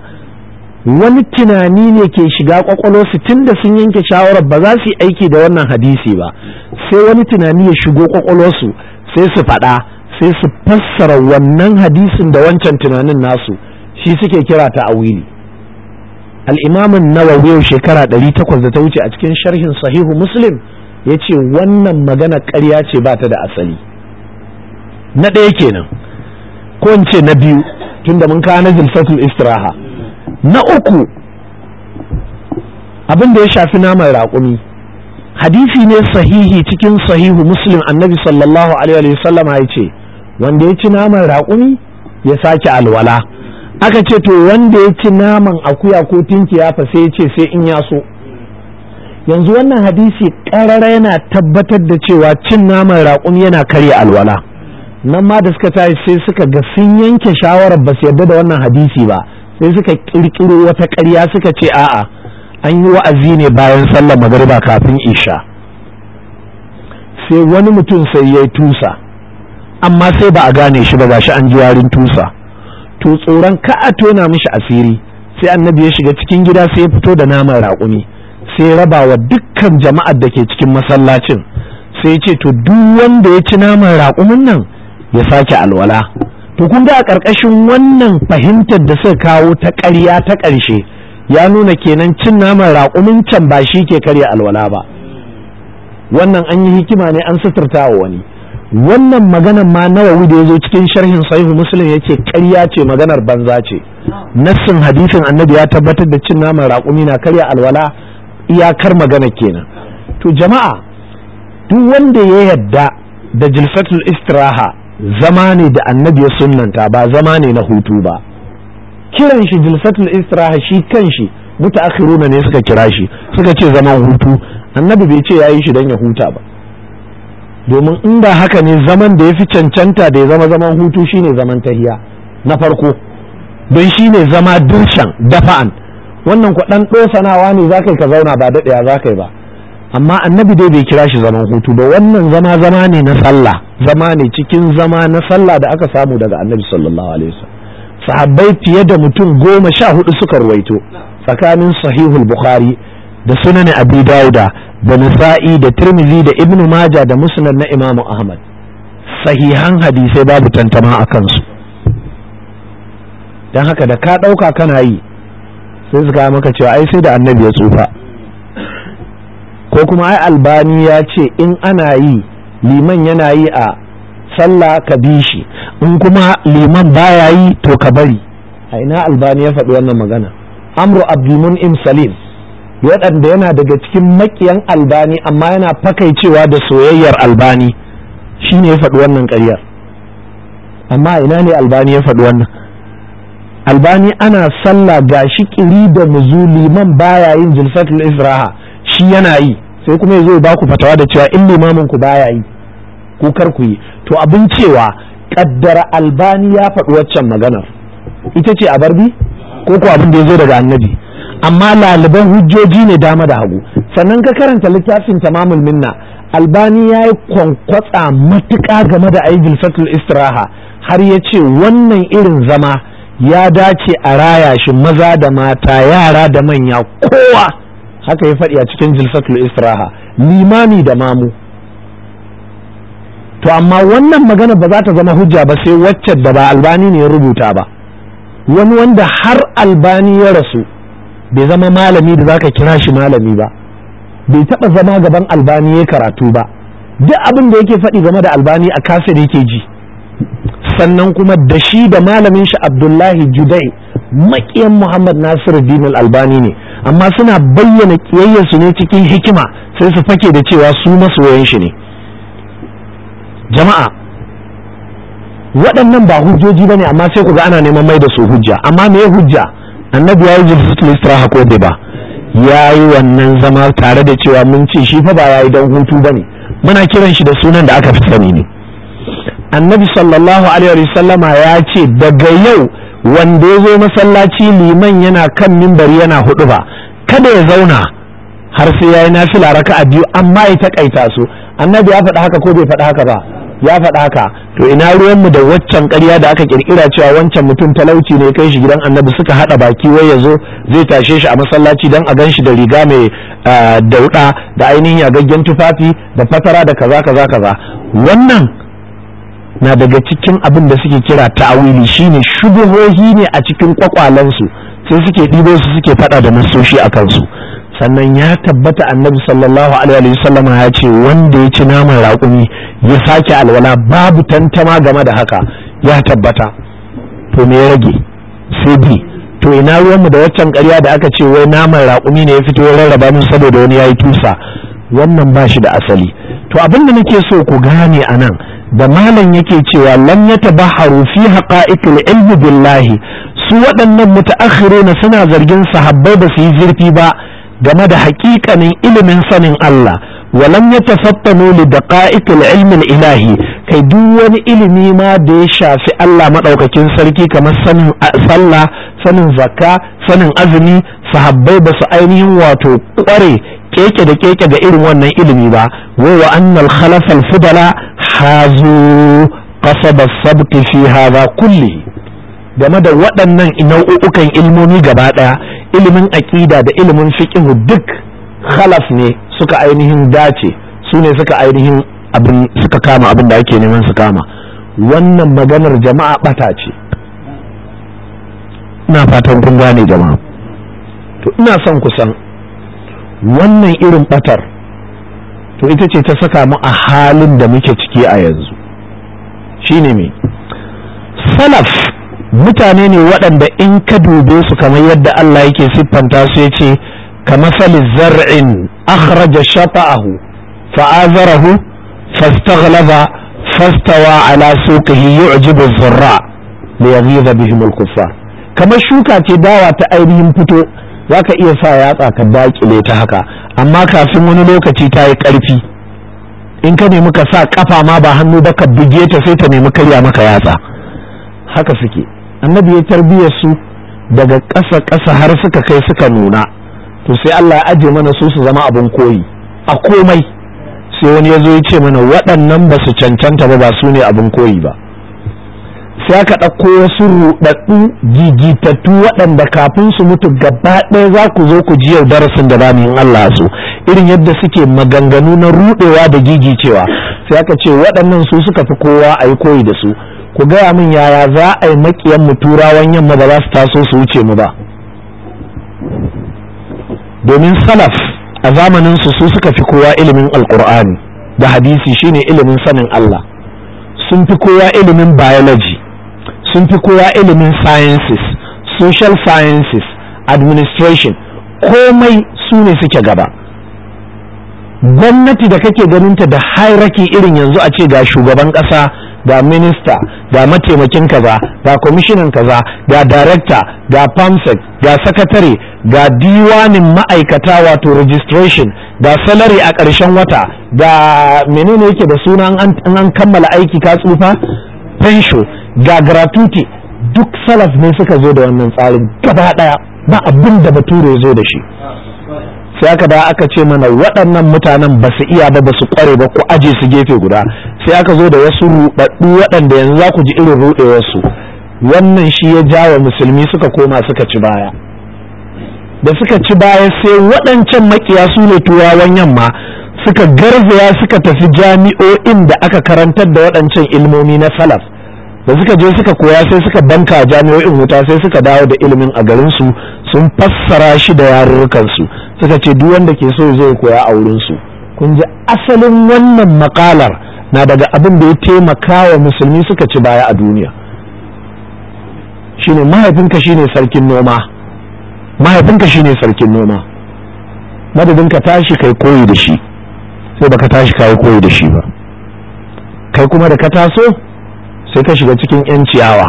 wani tunani ne ke shiga kwakwalo su tun da sun yanke shawarar ba za su yi aiki da wannan hadisi ba sai wani tunani ya shigo kwakwalo su sai su faɗa sai su fassara wannan hadisin da wancan tunanin nasu shi suke kira ta'awili al al'imamin nawawi yau shekara takwas da ta wuce a cikin sharhin sahihu muslim ya ce wannan magana ƙarya ce ba ta da asali na ɗaya kenan ko in ce na biyu tunda mun kawo na zilfatul istiraha na uku abin da ya shafi naman raƙumi hadisi ne sahihi cikin sahihu muslim annabi sallallahu alaihi wasallam ya ce wanda ya ci naman raƙumi ya sake alwala aka ce to wanda ya ci naman akuya ko tinkiya fa sai ya ce sai in ya so yanzu wannan hadisi ƙarara yana tabbatar da cewa cin naman raƙumi yana karya alwala nan ma da suka tashi sai suka ga sun yanke shawarar ba su yarda da wannan hadisi ba sai suka kirkiro wata ƙarya suka ce a'a an yi wa'azi ne bayan sallar magariba kafin isha sai wani mutum sai ya tusa amma sai ba a gane shi ba gashi an ji warin tusa to tsoron ka a tona mishi asiri sai annabi ya shiga cikin gida sai ya fito da naman raƙumi sai raba wa dukkan jama'ar da ke cikin masallacin sai ya ce to duk wanda ya ci naman raƙumin nan ya sake alwala to kun ga a ƙarƙashin wannan fahimtar da suka kawo ta ƙarya ta ƙarshe ya nuna kenan cin naman raƙumin can ba shi ke karya alwala ba wannan an yi hikima ne an suturta wa wani wannan maganar ma nawawi da ya zo cikin sharhin sahihu muslim yake karya ce maganar banza ce nassin hadisin annabi ya tabbatar da cin naman raƙumi na karya alwala iyakar magana kenan to jama'a duk wanda ya yadda da jilfatul istiraha zama ne da annabi ya sunnanta ba zama ne na hutu ba kiran shi jilsatul istiraha shi kan shi kanshi mutaakhiruna ne suka kira shi suka ce zaman hutu annabi bai ce yayi shi dan ya huta ba domin in ba haka ne zaman da ya fi cancanta da ya zama zaman hutu shine zaman tahiya na farko don shine zama dirshan dafa'an wannan ku dan dosanawa ne zakai ka zauna ba daɗaya zakai ba amma annabi dai bai kira shi zaman hutu ba wannan zama zama ne na sallah zama ne cikin zama na sallah da aka samu daga annabi sallallahu alaihi wasallam sahabbai fiye da mutum goma sha hudu suka ruwaito tsakanin sahihul bukhari da sunan abi dauda da nasa'i da tirmidhi da ibnu majah da musnad na imamu ahmad sahihan hadisai babu tantama a kansu dan haka da ka ɗauka kana yi sai suka maka cewa ai sai da annabi ya tsufa ko kuma ai albani ya ce in ana yi liman yana yi a sallah ka bi shi in kuma liman baya yi to ka bari a ina albani ya faɗi wannan magana amru im salim waɗanda yana daga cikin makiyan albani amma yana fakaicewa da soyayyar albani shine ya faɗi wannan ƙarya amma ina ne albani ya faɗi wannan albani ana sallah ga shi ƙiri da muzuli liman baya yin jilsatul israha shi yana yi sai kuma ya zo ba ku fatawa da cewa in limamin ku baya yi ku kar ku yi to abin cewa kaddara albani ya faɗi waccan maganar ita ce a barbi ko ko abin da ya zo daga annabi amma laliban hujjoji ne dama da hagu sannan ka karanta littafin tamamul minna albani ya yi kwankwatsa matuƙa game da aibul fatul istiraha har ya ce wannan irin zama ya dace a raya shi maza da mata yara da manya kowa haka ya faɗi a cikin jilsatul istiraha limami da mamu to amma wannan magana ba za ta zama hujja ba sai wacce da ba albani ne ya rubuta ba wani wanda har albani ya rasu bai zama malami da zaka kira shi malami ba bai taɓa zama gaban albani ya karatu ba duk abin da yake faɗi game da albani a kasir yake ji sannan kuma da shi da malamin shi abdullahi judai maƙiyan muhammad nasiru dinul albani ne amma suna bayyana kiyayyarsu ne cikin hikima sai su fake da cewa su masoyan shi ne jama'a waɗannan ba hujjoji bane amma sai ku ga ana neman mai da su hujja amma me hujja annabi ya yi jinsatul istiraha ko ba ya yi wannan zama tare da cewa mun ce shi fa ba ya yi don hutu ba ne muna kiran shi da sunan da aka fi sani ne annabi sallallahu alaihi wa sallama ya ce daga yau wanda ya zo masallaci liman yana kan mimbari yana hudu ba kada ya zauna har sai ya yi nafila raka a biyu amma ya takaita su annabi ya faɗi haka ko bai faɗa haka ba ya faɗi haka to ina ruwanmu da waccan ƙarya da aka ƙirƙira cewa wancan mutum talauci ne kai shi gidan annabi suka haɗa baki wai ya zo zai tashe shi a masallaci don a gan shi da riga mai dauɗa da ainihin yagaggen tufafi da fatara da kaza kaza kaza wannan na daga cikin abin da suke kira ta'awili shine shubuhohi ne a cikin kwakwalansu sai suke ɗibo su suke faɗa da nasoshi a kansu sannan ya tabbata annabi sallallahu alaihi wa sallama ya ce wanda ya ci naman raƙumi ya sake alwala babu tantama game da haka ya tabbata to me rage sai bi to ina mu da waccan ƙarya da aka ce wai naman raƙumi ne ya fito ya rarraba min saboda wani yayi tusa wannan ba shi da asali to abin da nake so ku gane anan. nan da malam yake cewa lam yatabaharu harufi haqa'iqil ilmi billahi su waɗannan mutaakhiruna suna zargin sahabbai ba su yi zurfi ba game da haƙiƙanin ilimin sanin Allah walam yatafattanu li daqa'iqil ilmin ilahi kai duk wani ilimi ma da ya shafi Allah madaukakin sarki kamar sanin sallah sanin zakka sanin azumi sahabbai ba su ainihin wato kware keke da keke ga irin wannan ilimi ba wai wa annal khalafal fudala hazu qasaba sabti fi hadha kulli game da waɗannan nau'ukan ilmomi gaba ɗaya ilimin aƙida da ilimin fiqh duk khalaf ne suka ainihin dace su ne suka ainihin abin suka kama abin da ake neman su kama wannan maganar jama'a bata ce ina fatan kun gane jama'a to ina son ku san wannan irin batar to ita ce ta saka mu a halin da muke ciki a yanzu ne mai salaf mutane ne waɗanda in ka dube su kamar yadda Allah yake siffanta su ka masali zar'in akhraja shafa'ahu fa'azarahu fastaghlaba fastawa ala suqihi yu'jibu zurra liyaghiza bihim al-kuffar kamar shuka ce dawa ta ainihin fito za ka iya sa yatsa ka dakile ta haka amma kafin wani lokaci ta yi ƙarfi in ka nemi ka sa ƙafa ma ba hannu ba ka buge ta sai ta nemi karya maka yatsa haka suke annabi ya tarbiyyar su daga ƙasa ƙasa har suka kai suka nuna to sai Allah ya aje mana su su zama abin koyi a komai sai wani ya zo ya ce mana waɗannan ba su cancanta ba ba su ne abin koyi ba sai aka ɗauko wasu ruɗaɗɗu gigitattu waɗanda kafin su mutu gaba ɗaya za ku zo ku ji yau darasin da ba in Allah su irin yadda suke maganganu na ruɗewa da gigicewa sai aka ce waɗannan su suka fi kowa a yi koyi da su ku gaya min yaya za a yi maƙiyan mu turawan yamma ba za su taso su wuce mu ba domin salaf a zamanin su su suka fi kowa ilimin alƙur'ani da hadisi shine ilimin sanin Allah sun fi kowa ilimin biology sun fi kowa ilimin sciences social sciences administration komai su ne suke gaba gwamnati da kake ganinta da hierarchy irin yanzu a ce ga shugaban kasa ga minista ga mataimakin kaza ga kwamishinan kaza ga darekta ga pamsec ga sakatare ga diwanin ma'aikata wato registration da salari a ƙarshen wata ga menene yake da suna an kammala aiki ka tsufa pension ga gratuity duk salaf ne suka zo da wannan tsarin gaba daya ba abin da bature zo da shi sai aka da aka ce mana waɗannan mutanen ba su iya ba ba su kware ba ku aje su gefe guda sai aka zo da wasu ruɗaɗɗu waɗanda yanzu za ku ji irin wasu, wannan shi ya jawa musulmi suka koma suka ci baya da suka ci baya sai waɗancan makiya su ne turawan yamma suka garzaya suka tafi jami'o'in da aka karantar da waɗancan ilmomi na salaf da suka je suka koya sai suka banka jami'o'in wuta sai suka dawo da ilimin a garin su sun fassara shi da yarurrukan su suka ce duk wanda ke so zai koya a wurin su kun ji asalin wannan makalar na daga abin da ya taimaka wa musulmi suka ci baya a duniya shine mahaifinka shine sarkin noma mahaifinka shine sarkin noma madadin ka tashi kai koyi da shi sai baka tashi kai koyi da shi ba kai kuma da ka taso sai ka shiga cikin 'yan ciyawa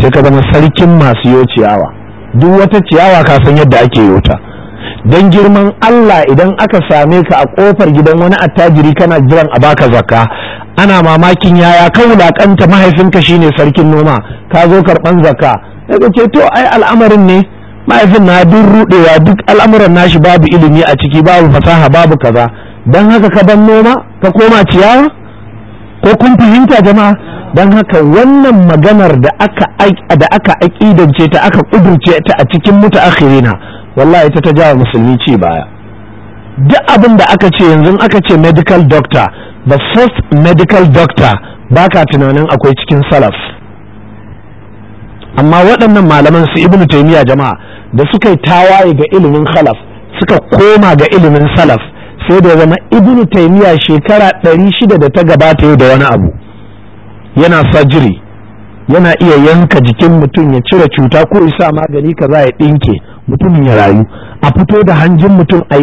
sai ka zama sarkin masu yo ciyawa duk wata ciyawa ka san yadda ake yota don girman Allah idan aka same ka a kofar gidan wani attajiri kana jiran a baka zakka ana mamakin yaya ka wulakanta mahaifinka shine sarkin noma ka zo karban zakka daga ce to ai al'amarin ne mahaifin na duk rudewa duk al'amuran nashi babu ilimi a ciki babu fasaha babu kaza don haka ka ban noma ka koma ciyawa ko kun fahimta jama'a don haka wannan maganar da aka da aka aƙidance ta aka kudurce ta a cikin mutaakhirina wallahi ta ta tajawa musulmi ci baya duk abin da aka ce yanzu aka ce medical doctor the first medical doctor baka tunanin akwai cikin salaf amma waɗannan malaman su ibnu taymiya jama'a da suka tawaye ga ilimin khalaf suka koma ga ilimin salaf sai da zama ibn taimiya shekara ɗari shida da ta gabata yau da wani abu yana fajiri yana iya yanka jikin mutum ya cire cuta ko isa magani kaza ya ɗinke mutumin ya rayu a fito da hanjin mutum a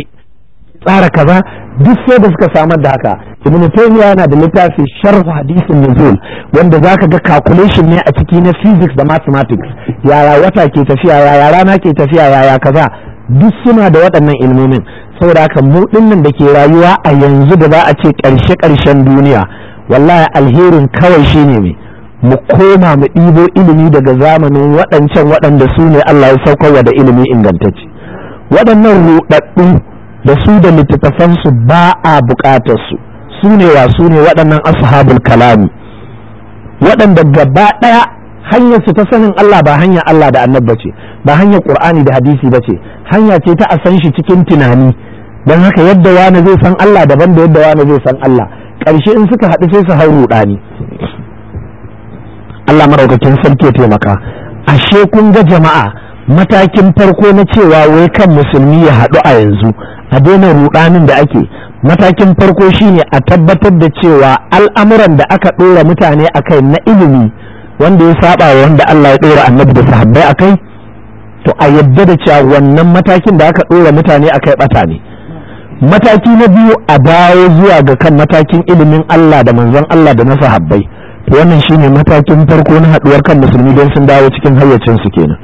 tsara kaza duk sai da suka samar da haka ibn taimiya yana da littafi sharh hadisin nuzul wanda zaka ga calculation ne a ciki na physics da mathematics yaya wata ke tafiya yaya rana ke tafiya yaya kaza duk suna da waɗannan ilmomin saboda haka mu dinnan da ke rayuwa a yanzu da za a ce ƙarshe ƙarshen duniya wallahi alherin kawai shine ne mu koma mu ɗibo ilimi daga zamanin waɗancan waɗanda su ne Allah ya saukarwa da ilimi ingantacce waɗannan ruɗaɗɗu da su da littattafansu ba a buƙatar su su ne wa su ne waɗannan ashabul kalami waɗanda gaba ɗaya hanyar su ta sanin Allah ba hanyar Allah da annabba ce ba hanyar Qur'ani da hadisi ba ce hanya ce ta a san shi cikin tunani don haka yadda wani zai san Allah daban da yadda wani zai san Allah ƙarshe in suka haɗu sai su hau ruɗani Allah maraukakin sarki ya taimaka ashe kun ga jama'a matakin farko na cewa wai kan musulmi ya haɗu a yanzu a daina ruɗanin da ake matakin farko shine a tabbatar da cewa al'amuran da aka ɗora mutane a kai na ilimi wanda ya saba wa wanda Allah ya ɗora annabi da sahabbai akai to a yadda da cewa wannan matakin da aka ɗora mutane akai bata ne mataki na biyu a dawo zuwa ga kan matakin ilimin Allah da manzon Allah da na sahabbai to wannan shine matakin farko na haɗuwar kan musulmi don sun dawo cikin hayyacin su kenan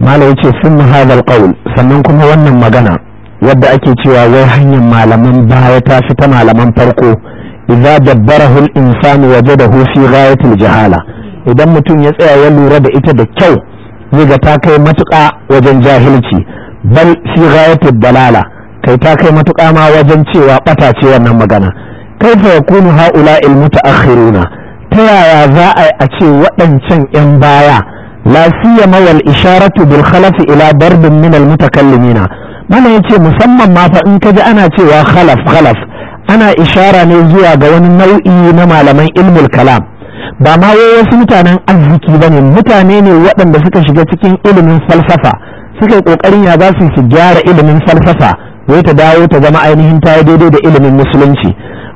Malam yace sun hada alqaul sannan kuma wannan magana wadda ake cewa wai hanyar malaman baya ta fi ta malaman farko idza dabbarahu al-insanu wajadahu fi ghayatil jahala idan mutum ya tsaya ya lura da ita da kyau zai ga ta kai matuƙa wajen jahilci bal fi ghayatil dalala kai ta kai matuƙa ma wajen cewa bata ce wannan magana kaifa yakunu haula al-mutaakhiruna ta yaya za a a ce waɗancan 'yan baya la mawal, wal isharatu bil khalafi ila darbin min al mutakallimina mana yace musamman ma fa in kaji ana cewa khalaf khalaf ana ishara ne zuwa ga wani nau'i na malaman ilmul kalam ba ma wai wasu mutanen arziki ba ne mutane ne waɗanda suka shiga cikin ilimin falsafa suka yi ƙoƙarin ya za su su gyara ilimin falsafa wai ta dawo ta zama ainihin ta daidai da ilimin musulunci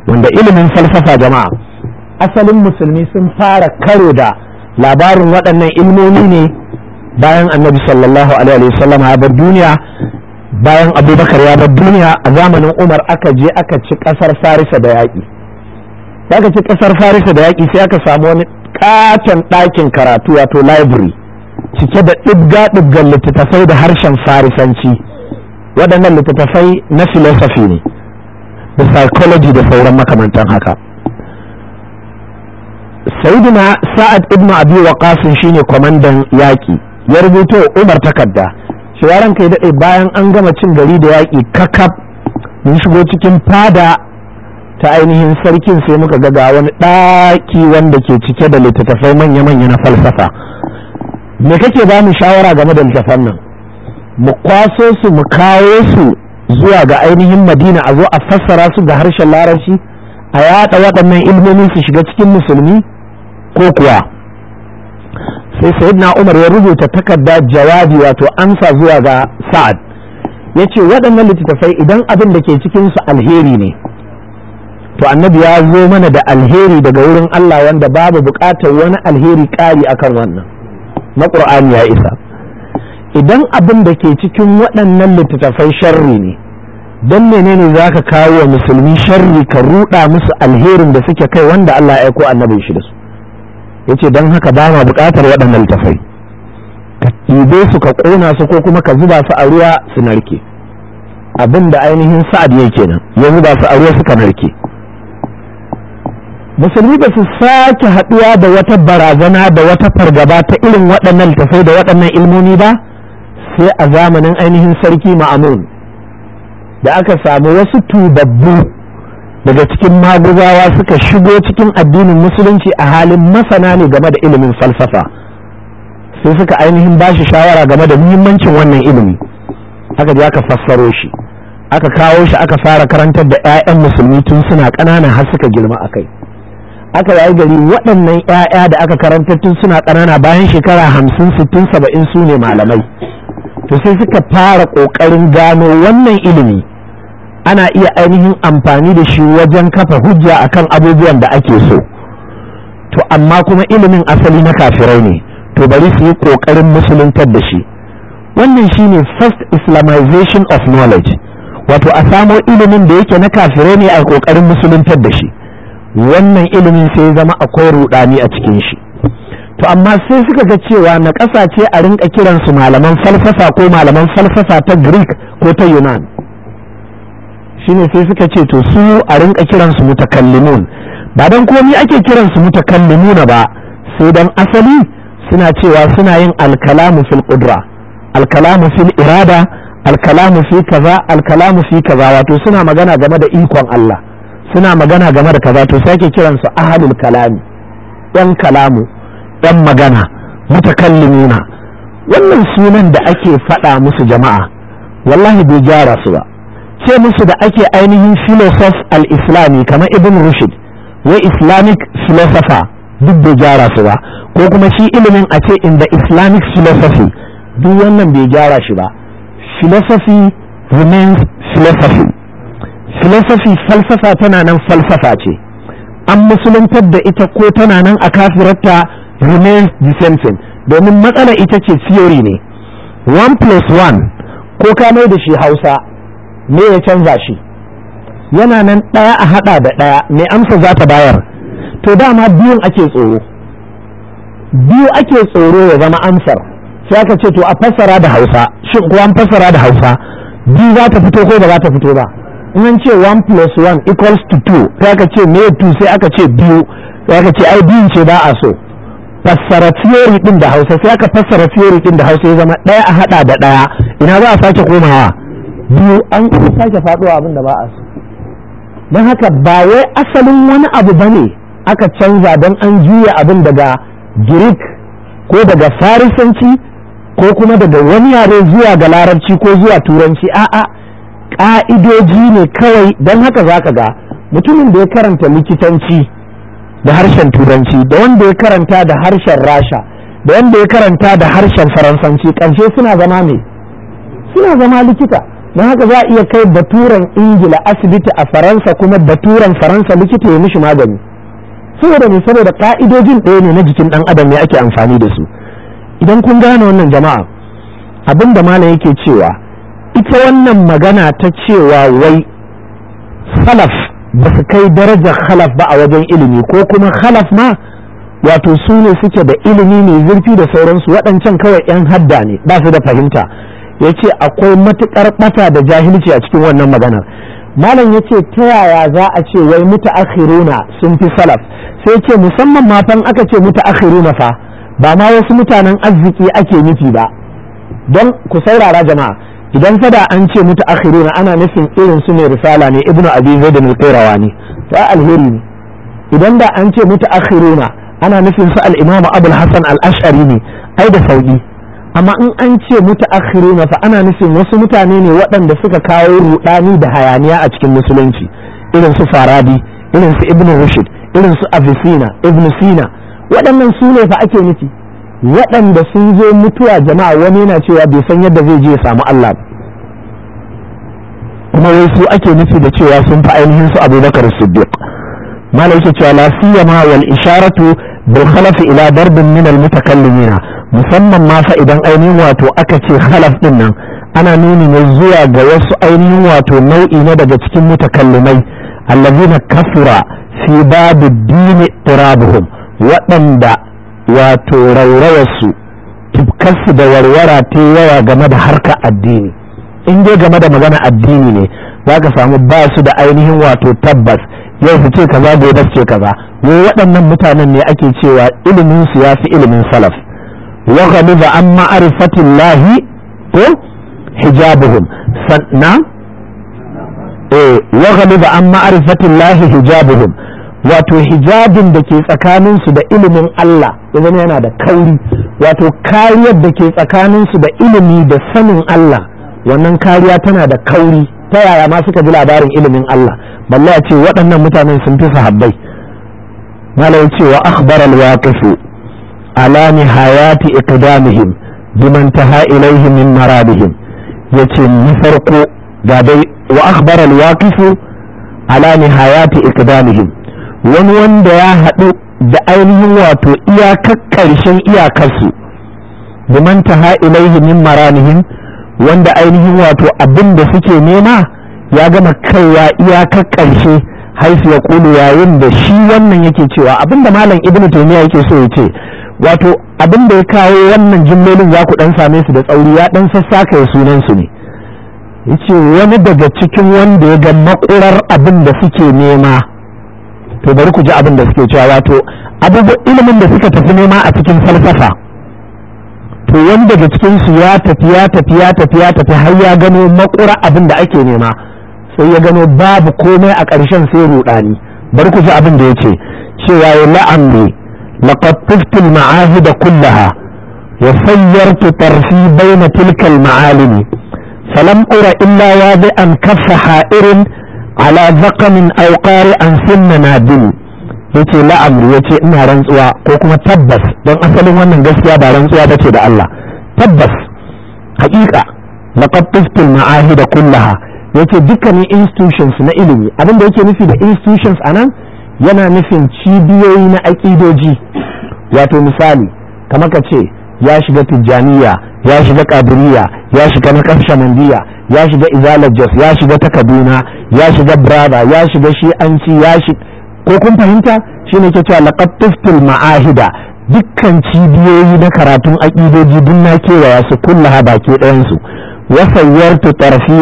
wanda ilimin falsafa jama'a asalin musulmi sun fara karo da labarin waɗannan ilmomi ne bayan annabi sallallahu alaihi wasallam ya bar duniya bayan abubakar ya bar duniya a zamanin umar aka je aka ci kasar farisa da yaƙi da aka ci kasar farisa da yaƙi sai aka samu wani katon ɗakin karatu wato library cike da ɗibga ɗibgan littattafai da harshen farisanci waɗannan littattafai na philosophy ne da psychology da sauran makamantan haka sa'ad ibn abi waqas shine kwamandan yaƙi ya rubuto umar takarda shi yaran kai daɗe bayan an gama cin gari da yaƙi kakaf mun shigo cikin fada ta ainihin sarkin sai muka ga ga wani ɗaki wanda ke cike da littattafai manya-manya na falsafa me kake ba mu shawara game da littattafan nan mu kwaso su mu kawo su zuwa ga ainihin madina a zo a fassara su ga harshen larabci a yaɗa waɗannan ilmomin su shiga cikin musulmi ko kuwa sai sayyidina umar ya rubuta takarda jawabi wato amsa zuwa ga sa'ad ya ce waɗannan littattafai idan abin da ke cikinsu alheri ne to annabi ya zo mana da alheri daga wurin Allah wanda babu buƙatar wani alheri ƙari akan wannan na ƙur'ani ya isa idan abin da ke cikin waɗannan littattafai sharri ne don menene za ka kawo wa musulmi sharri ka ruɗa musu alherin da suke kai wanda Allah ya aiko annabin shi da su ya ce don haka ba ma buƙatar waɗannan littafai ka ɗibe su ka ƙona su ko kuma ka zuba su a ruwa su narke abin ainihin sa'ad ya nan ya zuba su a ruwa su ka narke musulmi ba su sake haɗuwa da wata barazana da wata fargaba ta irin waɗannan littafai da waɗannan ilmomi ba sai a zamanin ainihin sarki ma'amun da aka samu wasu tubabbu daga cikin maguzawa suka shigo cikin addinin musulunci a halin masana ne game da ilimin falsafa sai suka ainihin ba shi shawara game da muhimmancin wannan ilimi aka je aka fassaro shi aka kawo shi aka fara karantar da 'ya'yan musulmi tun suna ƙanana har suka girma a kai aka yi gari waɗannan 'ya'ya da aka karantar tun suna ƙanana bayan shekara hamsin sittin saba'in su ne malamai to sai suka fara ƙoƙarin gano wannan ilimi ana iya ainihin amfani da shi wajen kafa hujja akan abubuwan da ake so to amma kuma ilimin asali na kafirai ne to bari su yi ƙoƙarin musuluntar da shi wannan shine first islamization of knowledge wato a samo ilimin da yake na kafirai ne a ƙoƙarin musuluntar da shi wannan ilimin sai zama akwai rudani a cikin shi to amma sai suka ga cewa na ƙasa ce a rinka kiransu malaman falsafa ko malaman falsafa ta greek ko ta yunan shine sai suka ce to su a rinka kiransu mutakallimun ba dan komai ake kiransu mutakallimuna ba sai dan asali suna cewa suna yin alkalamu fil qudra alkalamu fil irada alkalamu fi kaza alkalamu fi kaza wato suna magana game da ikon Allah suna magana game da kaza to sai ake kiransu ahalul kalami yan kalamu yan magana mutakallimuna wannan sunan da ake faɗa musu jama'a wallahi bai gyara su ba ce musu da ake ainihin filosof al-islami kamar ibn rushd wai islamic philosopher duk bai gyara su ba ko kuma shi ilimin a ce in the islamic philosophy duk wannan bai gyara shi ba philosophy remains philosophy Filosofi falsafa tana nan falsafa ce an musuluntar da ita ko tana nan a kafirarta remains the same thing domin matsala ita ce theory ne one plus one ko ka mai da shi hausa me ya canza shi yana nan ɗaya a haɗa da ɗaya mai amsa za ta bayar to dama biyun ake tsoro biyu ake tsoro ya zama amsar sai aka ce to a fassara da hausa shin ko an fassara da hausa biyu za ta fito ko ba za ta fito ba in an ce 1 plus 1 equals to 2 sai aka ce me 2 sai aka ce biyu sai aka ce ai biyun ce ba a so fassara theory din da hausa sai aka fassara theory din da hausa ya zama ɗaya a haɗa da ɗaya ina za a sake komawa biyu an sake faɗuwa abin da ba a so don haka ba wai asalin wani abu ba ne aka canza don an juya abin daga girik ko daga farisanci ko kuma daga wani yare zuwa ga larabci ko zuwa turanci a'a ƙa'idoji ne kawai don haka za ka ga mutumin da ya karanta likitanci da harshen turanci da wanda ya karanta da harshen rasha da wanda ya karanta da harshen faransanci ƙarshe suna zama ne suna zama likita don haka za a iya kai baturan ingila asibiti a faransa kuma baturan faransa likita ya mishi magani saboda ne saboda ka'idojin ɗaya ne na jikin ɗan adam ya ake amfani da su idan kun gane wannan jama'a abin da malam yake cewa ita wannan magana ta cewa wai halaf ba su kai darajar halaf ba a wajen ilimi ko kuma halaf ma wato su ne suke da ilimi mai zurfi da sauransu waɗancan kawai 'yan hadda ne ba su da fahimta ya ce akwai matuƙar ɓata da jahilci a cikin wannan maganar malam ya ce ta yaya za a ce wai mutaakhiruna sun fi salaf sai ce musamman matan aka ce mutaakhiruna fa ba ma wasu mutanen arziki ake nufi ba don ku saurara jama'a idan fada an ce mutaakhiruna ana nufin irin su ne risala ne ibnu abi zaid al ne ta alheri ne idan da an ce mutaakhiruna ana nufin su al-imamu abul hasan al-ash'ari ne ai da sauki amma in an ce na fa ana nufin wasu mutane ne waɗanda suka kawo rudani da hayaniya a cikin musulunci irin su faradi irin su ibn rushd irin su ibn sina waɗannan su ne fa ake nufi waɗanda sun zo mutuwa jama'a wani yana cewa bai san yadda zai je ya samu Allah kuma wai su ake nufi da cewa sun fi ainihin su abubakar siddiq Malam yake cewa lafiya ma wal isharatu bil khalaf ila darbin min al mutakallimina musamman ma fa idan ainihin wato aka ce khalaf din nan ana nuni ne zuwa ga wasu ainihin wato nau'i na daga cikin mutakallimai allazina kafura fi babu dini turabuhum waɗanda wato raurayarsu tufkarsu da warwara ta yawa game da harka addini in dai game da magana addini ne za ka samu ba su da ainihin wato tabbas yau su ce kaza gobe su ce kaza wai waɗannan mutanen ne ake cewa ilimin su ya fi ilimin salaf وغلب عن an الله حجابهم سنة وغلب عن معرفة الله حجابهم wato hijabin da ke tsakaninsu da ilimin Allah ya zama yana da kauri wato kariyar da ke tsakaninsu da ilimi da sanin Allah wannan kariya tana da kauri ta yaya ma suka ji labarin ilimin Allah balla ce waɗannan mutanen sun fi sahabbai mala ce wa akhbar al ala nihayati iqdamihim biman taha ilayhi min maradihim yace na farko ga dai wa akhbara al-waqif ala nihayati iqdamihim wani wanda ya haɗu da ainihin wato iyakar karshen iyakarsu biman taha ilayhi min maranihim wanda ainihin wato abin da suke nema ya gama kaiwa iyakar karshe haifi ya kulu yayin da shi wannan yake cewa abin da malam ibnu taymiya yake so ya ce wato abin da ya kawo wannan jimlolin za ku dan same su da tsauri ya dan sassaka ya sunan su ne yace wani daga cikin wanda ya ga makurar abin da suke nema to bari ku ji abin da suke cewa wato abubuwan ilimin da suka tafi nema a cikin falsafa to wani daga cikin su ya tafi ya tafi ya tafi ya tafi har ya gano makura abin da ake nema sai ya gano babu komai a ƙarshen sai rudani bari ku ji abin da yace cewa ya la'amri لقد طفت المعاهد كلها وسيرت طرفي بين تلك المعالم فلم أر إلا وادئا كف حائر على ذقن أو قارئا ثم نادم yace la'amri ce ina rantsuwa ko kuma tabbas don asalin wannan gaskiya ba rantsuwa ce da Allah tabbas haƙiƙa laqad ma'ahida kullaha yace dukkanin institutions na ilimi abin da yake nufi da institutions anan yana nufin cibiyoyi na aƙidoji wato misali kamar ka ce ya shiga tijjaniya ya shiga kadiriya ya shiga na nakashamandiya ya shiga izalar ya shiga ta kaduna ya shiga braba ya shiga shi'anci ya shiga ko kun fahimta shine ke cewa laƙattuftul ma'ahida dukkan cibiyoyi na karatun aƙidoji duk na kewaya su kulla baki ɗayansu wasayyartu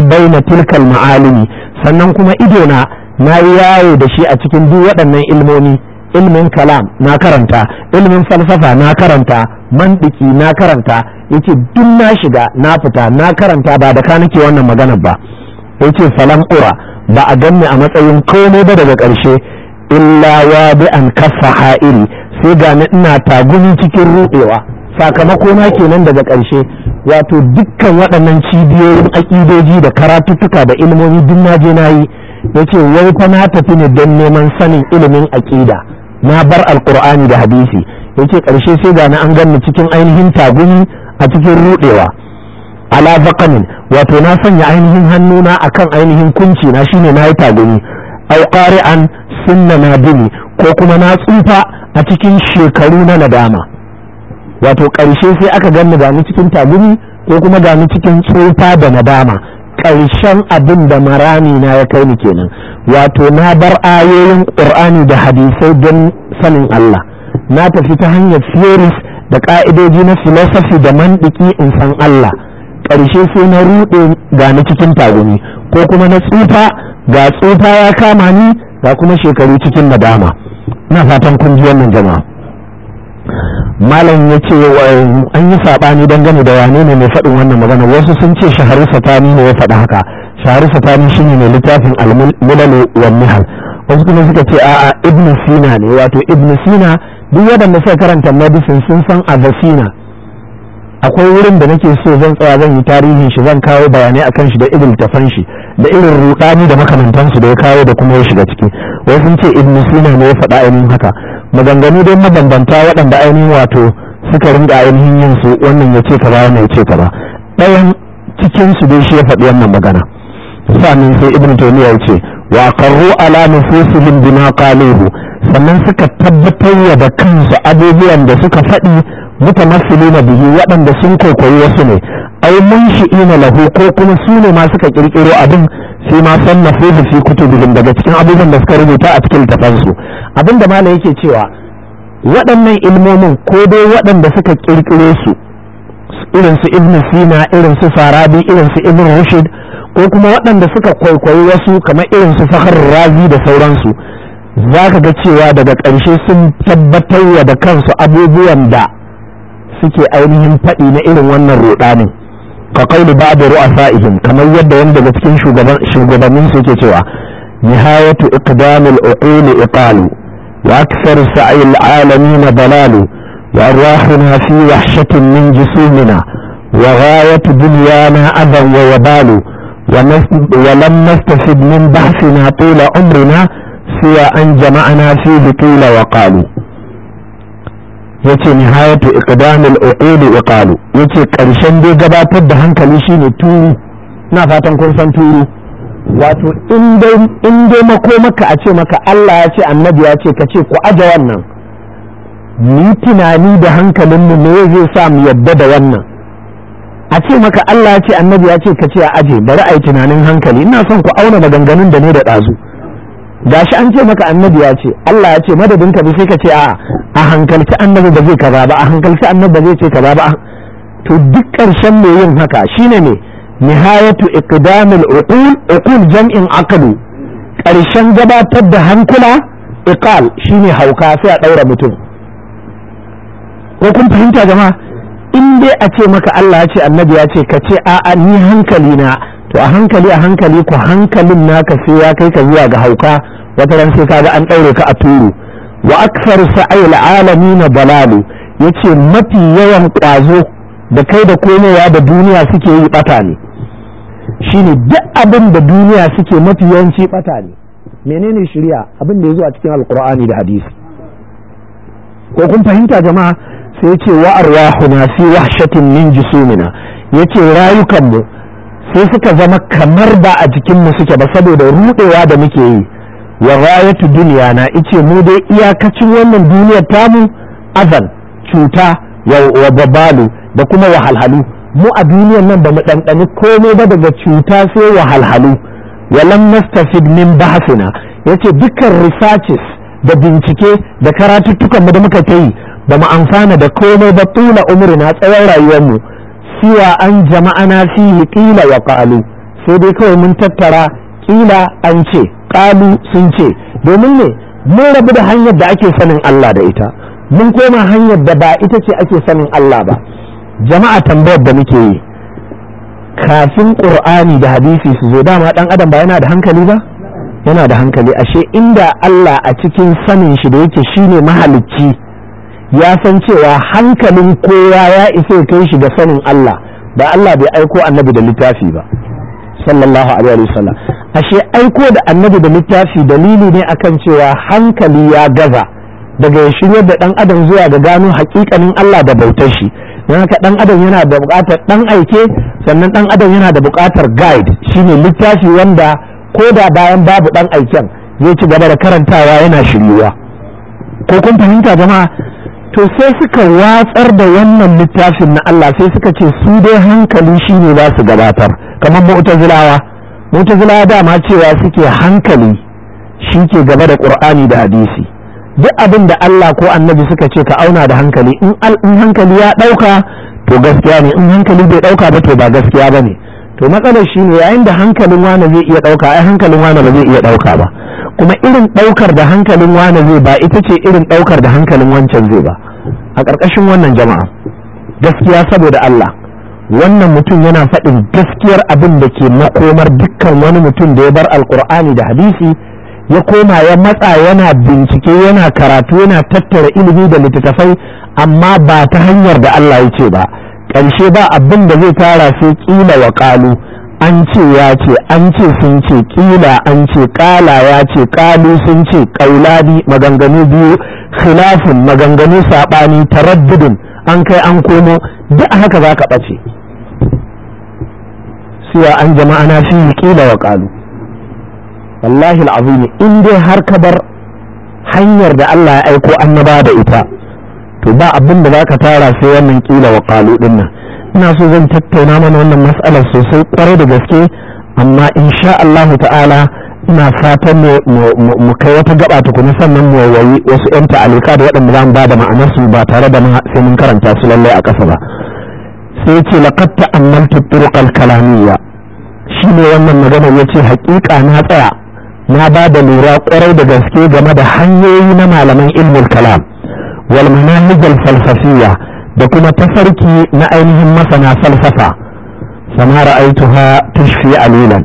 bai na tilkal ma'alimi sannan kuma idona na yi yawo da shi a cikin duk waɗannan ilmomi ilmin kalam na karanta ilmin falsafa na karanta mantiki na karanta yace duk na shiga na fita na karanta ba da ka nake wannan maganar ba yace salam ura ba a ganni a matsayin komai ba daga ƙarshe illa wa an kafa ha'il sai ga ni ina taguni cikin ruɗewa sakamako na kenan daga ƙarshe wato dukkan waɗannan cibiyoyin aƙidoji da karatuttuka da ilmomi duk na je na yi Yace ce wai fa na tafi ne don neman sanin ilimin aƙida na bar alƙur'ani da hadisi yace ce ƙarshe sai ga na an ganni cikin ainihin tagumi a cikin ruɗewa ala baqanin wato na sanya ainihin hannuna akan ainihin kunci na shine na yi tagumi ai qari'an sunna na ko kuma na tsufa a cikin shekaru na nadama wato karshe sai aka ganni ga ni cikin tagumi ko kuma ga ni cikin tsufa da nadama ƙarshen abin da marami na ya kai ni kenan wato na bar ayoyin ƙur'ani da hadisai don sanin Allah na tafi ta hanyar theories da ƙa'idoji na philosophy da mandiki in san Allah ƙarshe sai na ruɗe ga ni cikin tagumi ko kuma na tsufa ga tsufa ya kama ni ga kuma shekaru cikin nadama na fatan kun ji wannan jama'a malam ya ce an yi saɓani dangane da wane ne mai faɗin wannan magana wasu sun ce shaharu satani ne ya faɗi haka shaharu satani shi ne littafin al-mulal wa nihal wasu kuma suka ce a'a ibn sina ne wato ibn sina duk waɗanda suka karanta medicine sun san avicina akwai wurin da nake so zan tsaya zan yi tarihin shi zan kawo bayanai akan shi da irin tafan shi da irin rudani da makamantansu da ya kawo da kuma ya shiga ciki wai sun ce ibn sina ne ya faɗa ainihin haka maganganu dai mabambanta waɗanda ainihin wato suka ringa ainihin yin su wannan ya ce kaza wannan ya ce kaza ɗayan cikin su dai shi ya faɗi wannan magana sannan sai ibn taymiya ya ce wa qarru ala nufusihim bima qaluhu sannan suka tabbatar da kansu abubuwan da suka faɗi mutamassilina bihi waɗanda sun kwaikwayi wasu ne ai mun shi ina lahu ko kuma su ne ma suka kirkiro abin sai ma na fi kutubihim daga cikin abubuwan da suka rubuta a cikin littafansu abin da malam yake cewa waɗannan ilmomin ko dai waɗanda suka kirkiro su irin su ibn sina irin su farabi irin su ibn rushd ko kuma waɗanda suka kwaikwayi wasu kamar irin su fahar razi da sauransu za ka ga cewa daga ƙarshe sun tabbatar da kansu abubuwan da suke ainihin faɗi na irin wannan ruɗanin ka kauli ba da ru'asa'ihim kamar yadda wani daga cikin shugabannin su cewa nihayatu iqdamil uqul iqalu wa akthar sa'il alamin dalalu wa arwahuna fi wahshatin min jisumina wa ghayatu dunyana adan wa wabalu ولم نستفد من بحثنا طول عمرنا سوى أن جمعنا في بطولة وقالوا yace nihayatu iqdamil uquli iqalu yace karshen dai gabatar da hankali shine turu na fatan kun san turu wato in dai mako maka a ce maka Allah ya ce annabi ya ce ka ce ku aje wannan ni tunani da hankalinmu me zai sa mu yadda da wannan a ce maka Allah ya ce annabi ya ce ka ce a aje bari a yi tunanin hankali ina son ku auna maganganun da ne da ɗazu gashi an ce maka annabi ya ce Allah ya ce madadin ka sai ka ce a a hankalci annabi ba zai kaza ba a hankalci annabi ba zai ce kaza ba to duk karshen mai yin haka shine ne nihayatu iqdamul uqul uqul jam'in aqlu karshen gabatar da hankula iqal shine hauka sai a daura mutum ko kun fahimta jama'a in dai a ce maka Allah ya ce annabi ya ce ka ce a a ni hankali na to a hankali a hankali ku hankalin naka sai ya kai ka zuwa ga hauka wata ran sai kaga an ɗaure ka a turu wa aksar sa'il alamin balalu yace mafi yawan ƙwazo da kai da komowa da duniya suke yi bata ne shine duk abin da duniya suke mafi yawanci bata ne menene shirya abin da ya zo a cikin alkur'ani da hadisi ko kun fahimta jama'a sai yace wa arwahuna fi wahshatin min jusumina yace rayukan mu sai suka zama kamar ba a jikinmu suke ba saboda rudewa da muke yi wa rayatu duniya na ice mu dai iyakacin wannan duniyar tamu azan cuta wa babalu da kuma wahalhalu mu a duniyar nan ba mu ɗanɗani komai ba daga cuta sai wahalhalu walam nastafid min bahsina yace dukkan researches da bincike da karatuttukan mu da muka ta yi ba mu amfana da komai ba tula umurina tsawon rayuwarmu cewa an jama'ana fihi ƙila wa ƙalu, sai dai kawai mun tattara ƙila an ce ƙalu sun ce domin ne mun rabu da hanyar da ake sanin Allah da ita mun koma hanyar da ba ita ce ake sanin Allah ba jama'a tambayar da muke yi kafin ƙur'ani da hadisi su zo dama ɗan adam ba yana da hankali ba yana da hankali ashe inda Allah a cikin sanin shi da yake shine mahalicci ya san cewa hankalin kowa ya isa kai shi ga sanin Allah ba Allah bai aiko annabi da littafi ba sallallahu alaihi wasallam ashe aiko da annabi da littafi dalili ne akan cewa hankali ya gaza daga ya shiryar da dan adam zuwa ga gano hakikanin Allah da bautar shi dan haka dan adam yana da bukatar dan aike sannan dan adam yana da bukatar guide shine littafi wanda ko da bayan babu dan aiken zai ci gaba da karantawa yana shiryuwa ko kun fahimta jama'a to sai suka watsar da wannan littafin na Allah sai suka ce su dai hankali shi ne za su gabatar kamar mu'tazilawa mu'tazilawa dama cewa suke hankali shi ke gaba da qur'ani da hadisi duk abin da Allah ko annabi suka ce ka auna da hankali in hankali ya ɗauka to gaskiya ne in hankali bai ɗauka ba to ba gaskiya ba to matsalar shine ne yayin da hankalin wani zai iya ɗauka ai hankalin wani ba zai iya ɗauka ba kuma irin ɗaukar da hankalin wane zai ba ita ce irin ɗaukar da hankalin wancan zai ba a ƙarƙashin wannan jama'a gaskiya saboda Allah wannan mutum yana faɗin gaskiyar abin da ke makomar dukkan wani mutum da ya bar alkur'ani da hadisi ya koma ya matsa yana bincike yana karatu yana tattara ilimi da littattafai amma ba ta hanyar da Allah ya ce ba ƙarshe ba abin da zai tara sai kila wa ƙalu an ce ya ce an ce sun ce kila an ce kala ya ce kalu sun ce kaulani maganganu biyu khilafin maganganu saɓani taraddudin an kai an komo duk haka za ka ɓace suwa an jama'a na shi kila wa kalu wallahi al'azimi in dai har ka bar hanyar da Allah ya aiko annaba da ita to ba abin da za ka tara sai wannan kila wa kalu ɗin nan ina so zan tattauna mana wannan mas'alar sosai kwarai da gaske amma insha Allah ta'ala ina fatan mu kai wata gaba tukuna sannan mu wayi wasu yan ta'alika da waɗanda zamu ba da ma'anar su ba tare da sai mun karanta su lallai a ƙasa ba sai ce laqad ta'ammaltu turuq al-kalamiyya shine wannan magana yace haƙiƙa na tsaya na ba da lura kwarai da gaske game da hanyoyi na malaman ilmul kalam wal manahij falsafiyya da kuma tafarki na ainihin masana falsafa sama ra'aituha tushfi alilan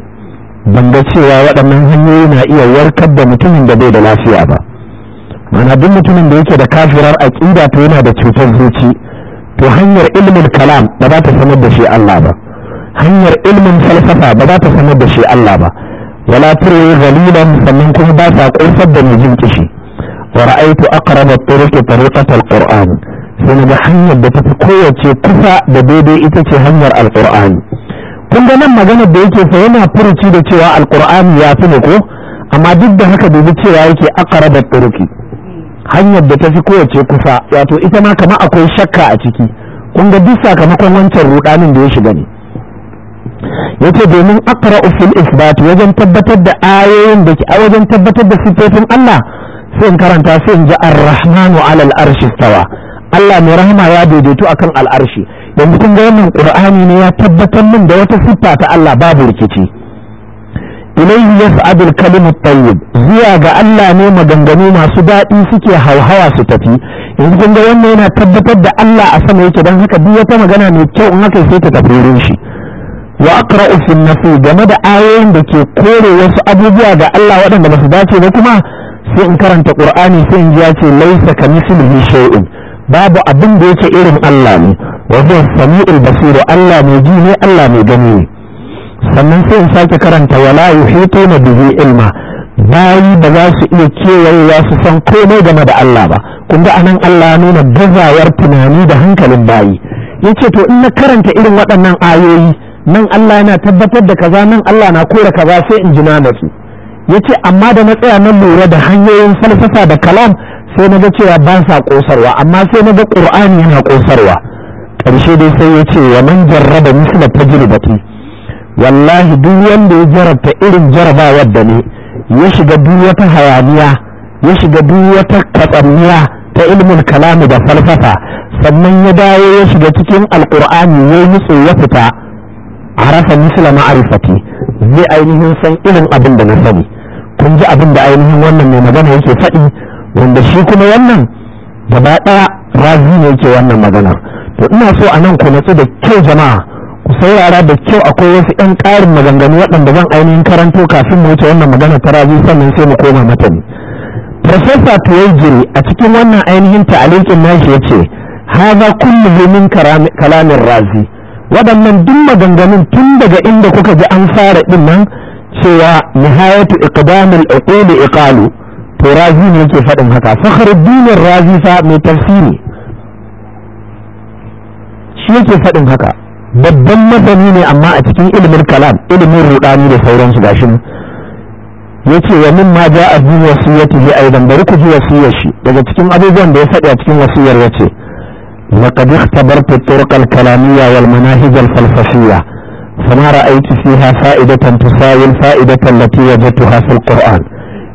ban ga cewa waɗannan hanyoyi na iya warkar da mutumin da bai da lafiya ba mana duk mutumin da yake da kafirar aƙida to yana da cutar zuci to hanyar ilmin kalam ba za ta sanar da shi Allah ba hanyar ilmin falsafa ba za ta sanar da shi Allah ba wala turu zalilan sannan kuma ba sa ƙosar da mijin kishi wa ra'aitu aqrab at-turuq tariqat al-qur'an sai na ga hanyar da ta tafi kowace kusa da daidai ita ce hanyar alkur'ani kun ga nan maganar da yake fa yana furuci da cewa alkur'ani ya fi ne ko amma duk da haka dubi cewa yake akara da turuki hanyar da ta tafi kowace kusa wato ita ma kama akwai shakka a ciki kun ga duk sakamakon wancan rudanin da ya shiga ne yace domin akara usul isbat wajen tabbatar da ayoyin da a wajen tabbatar da sifofin Allah sai in karanta sai in ji ar-rahmanu alal arshi stawa Allah mai rahama ya daidaito akan al'arshi yanzu kun ga wannan qur'ani ne ya tabbatar min da wata siffa ta Allah babu rikici ilayhi yas'adu al-kalimu at-tayyib zuwa ga Allah ne maganganu masu daɗi suke hauhawa su tafi yanzu kun ga wannan yana tabbatar da Allah a sama yake dan haka duk wata magana mai kyau in haka sai ta tafi wurin shi wa aqra'u fi nafi game da ayoyin da ke kore wasu abubuwa ga Allah waɗanda ba su dace ba kuma sai in karanta qur'ani sai in ji ya ce laisa kamithlihi shay'un babu abin da yake irin Allah ne wa huwa samiul Allah mai ji ne Allah mai gani ne sannan sai in sake karanta wala na bihi ilma bayi ba za su iya ya su san komai game da Allah ba kun ga anan Allah ya nuna gazawar tunani da hankalin bayi yace to in na karanta irin waɗannan ayoyi nan Allah yana tabbatar da kaza nan Allah na kora kaza sai in ji na ya yace amma da na tsaya na lura da hanyoyin falsafa da kalam sai na ga cewa ba sa ƙosarwa amma sai na ga ƙur'ani yana ƙosarwa ƙarshe dai sai ya ce wa man jarraba misla tajribati wallahi duk wanda ya jarabta irin jarabawar da ne ya shiga duk wata hayaniya ya shiga duk wata katsanniya ta ilmin kalamu da falsafa sannan ya dawo ya shiga cikin alƙur'ani ya yi ya fita arafa misla ma'arifati zai ainihin san irin abin da na sani kun ji abin da ainihin wannan mai magana yake faɗi wanda shi kuma wannan gaba ɗaya razi ne yake wannan magana to ina so a nan ku natsu da kyau jama'a ku saurara da kyau akwai wasu ɗan ƙarin maganganu waɗanda zan ainihin karanto kafin mu wuce wannan magana ta razi sannan sai mu koma mata ne profesa tuwaijiri a cikin wannan ainihin ta'alikin nashi ya ce haza kullu min kalamin razi waɗannan duk maganganun tun daga inda kuka ji an fara ɗin nan cewa nihayatu iqdamul uquli iqalu to razi ne yake faɗin haka fakhruddin razi fa mai tafsiri shi yake faɗin haka babban masani ne amma a cikin ilimin kalam ilimin rudani da sauransu gashi yace wa min ma ja'a bi wasiyatihi aidan bari ku ji wasiyar shi daga cikin abubuwan da ya faɗi a cikin wasiyar yace لقد اختبرت الطرق الكلامية والمناهج الفلسفية فما رأيت فيها فائدة تساوي ya التي وجدتها al القرآن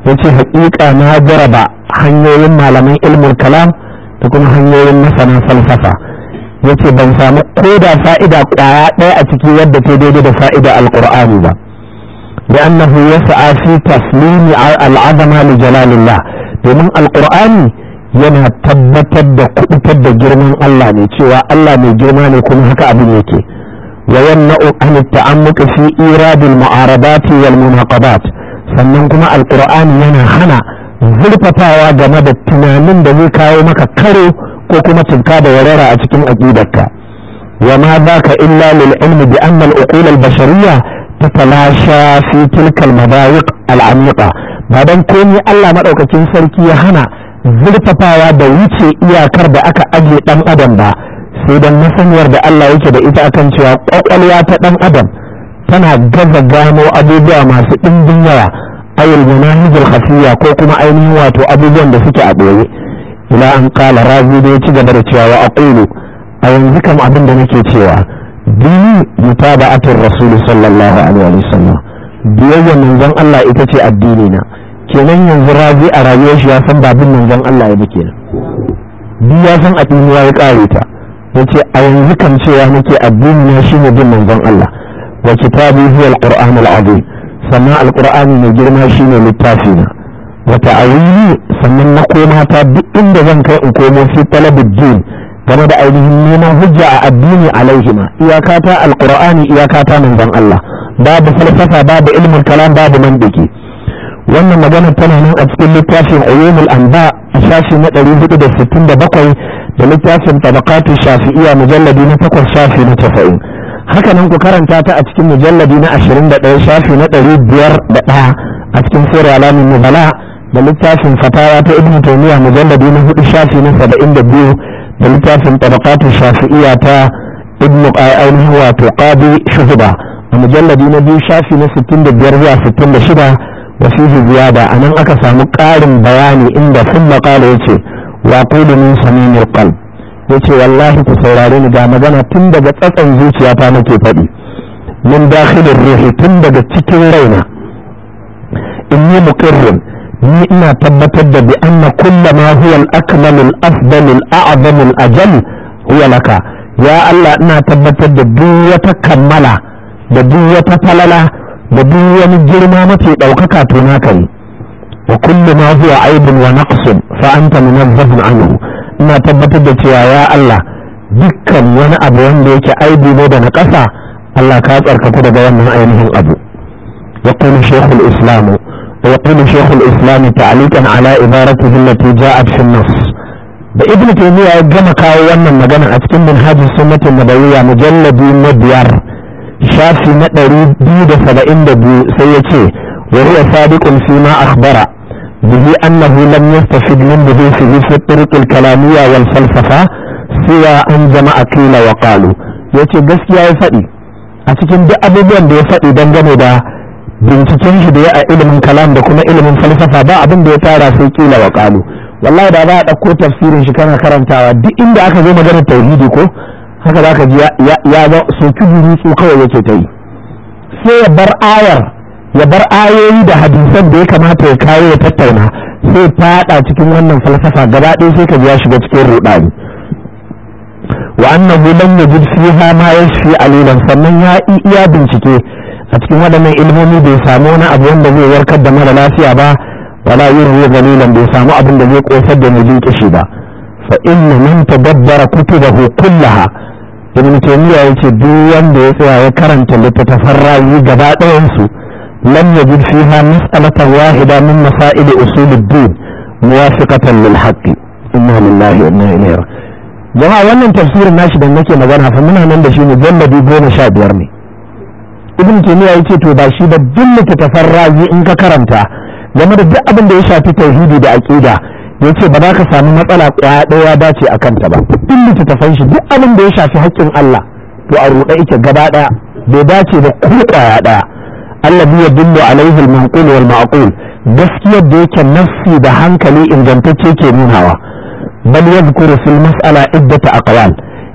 yace haƙiƙa na jaraba hanyoyin malaman ilmul kalam da kuma hanyoyin masana falsafa yace ban samu ko da fa'ida ƙwaya ɗaya a ciki yadda ta daidai da fa'ida alƙur'ani ba ya لأنه يسعى في تسليم العظمة لجلال الله domin alƙur'ani yana tabbatar da kubutar da girman Allah ne cewa Allah mai girma ne kuma haka abin yake wa yamna'u an ta'ammuq fi iradil mu'aradat wal munaqabat sannan kuma alkur'ani yana hana zurfafawa game da tunanin da zai kawo maka karo ko kuma tunka da warara a cikin aqidarka wa ma baka illa lil ilmi bi anna al uqul al bashariyya tatalasha fi tilka al madawiq al amiqa ba dan komai Allah madaukakin sarki ya hana zurfafawa da wuce iyakar da aka aje dan adam ba sai dan masaniyar da Allah yake da ita akan cewa kwakwalwa ta dan adam tana gaza gano abubuwa masu ɗimbin yawa ayil manahijul khafiya ko kuma ainihin wato abubuwan da suke a ɓoye ila an kala razi da ya ci gaba da cewa wa aqulu a yanzu kam abin da nake cewa dini mutaba'atul rasul sallallahu alaihi wa sallam biyayya manzon Allah ita ce addini na kenan yanzu razi a rayuwar shi ya san babin manzon Allah ya na duk ya san addini ya kare ta yace a yanzu kam cewa nake addini na shine bin manzon Allah wa kitabi huwa alquran alazim sannan alqur'ani mai girma shine littafina wa ta'awili sannan na koma ta duk inda zan kai in komo si talabijin game da ainihin neman hujja a addini a iyaka iyakata alqur'ani iyakata ta manzon Allah babu falsafa babu ilmin kalam babu mandiki wannan magana tana nan a cikin littafin ulumul anba a shafi na 467 da littafin tabaqatu shafi'iyya mujalladi na 8 shafi na 90 hakanan ku karanta ta a cikin mujalladi na 21 shafi na 501 a cikin sura alamin mubala da littafin fatawa ta ibn taymiya mujalladi na 4 shafi na 72 da littafin tabaqatu shafi'iyya ta ibn wato qadi shuhuba a mujalladi na biyu shafi na 65 zuwa 66 wa fihi ziyada anan aka samu ƙarin bayani inda sun qala yace wa qulu min samimil qalb ya ce wallahi ku saurare ni ga magana tun daga tsatsan zuciya ta nake faɗi min dakhilin ruhi tun daga cikin raina inni muqirrin ni ina tabbatar da bi anna kulla ma huwa al-akmal al-afdal al-a'zam al-ajal huwa laka ya Allah ina tabbatar da duk wata kammala da duk wata falala da duk wani girma mafi ɗaukaka to naka ne wa kullu ma huwa aibun wa naqsun fa anta munazzahun ina tabbatar da cewa ya Allah dukkan wani abu wanda yake aibu ne da na ƙasa Allah ka tsarkaku daga wannan ainihin abu يقول شيخ الإسلام ويقول شيخ الإسلام تعليقا على عبارته التي جاءت في النص ابن تيمية يجمع كاو وانا مجانا اتكن من هذه السنة النبوية مجلد مبيار شافي نقري بيد سبعين دبي سيتي وهو صادق فيما أخبر به أنه لم يستفد من بحوثه في الطرق الكلامية والفلسفة سوى أن جمع قيل وقالوا يتي قسيا يفئي أتكن بأبوبيان دي يفئي دنجمو دا binciken shi da ya a ilimin kalam da kuma ilimin falsafa ba abin da ya tara sai kila wa wallahi da za a ɗauko tafsirin shi kana karantawa duk inda aka zo maganar tauhidi ko haka za ka ya ga soki kawai yake ta yi sai ya bar ya bar ayoyi da hadisan da ya kamata ya kawo ya tattauna sai fada cikin wannan falsafa gaba ɗaya sai ka ya shiga cikin rudani wa annahu lam yajid ha ma a alilan sannan ya iya bincike a cikin waɗannan ilmomi bai samu wani abu wanda zai warkar da mara lafiya ba wala ga dalilan bai samu abin da zai kosar da mai shi ba fa inna man tadabbara kutubahu kullaha ibn taymiya yace duk wanda ya tsaya ya karanta littattafan rayu gaba ɗayan su لم يجد فيها مسألة واحدة من مسائل أصول الدين موافقة للحق إنا لله وإنا إليه jama'a wannan tafsirin nashi da nake magana fa muna nan da shi ne jallabi goma sha biyar ne ibn ya ce to ba shi ba duk littattafan razi in ka karanta game da duk abin da ya shafi tauhidi da aqida yace ba za ka sami matsala kwaya daya dace a kanta ba duk littattafan shi duk abin da ya shafi haƙƙin Allah to a ruɗe yake gaba daya bai dace da ko kwaya daya allah yadullu alaihi al-manqul wal ma'qul gaskiyar da yake nafsi da hankali ingantacce ke nunawa bal yadhkuru fil mas'ala iddata aqwal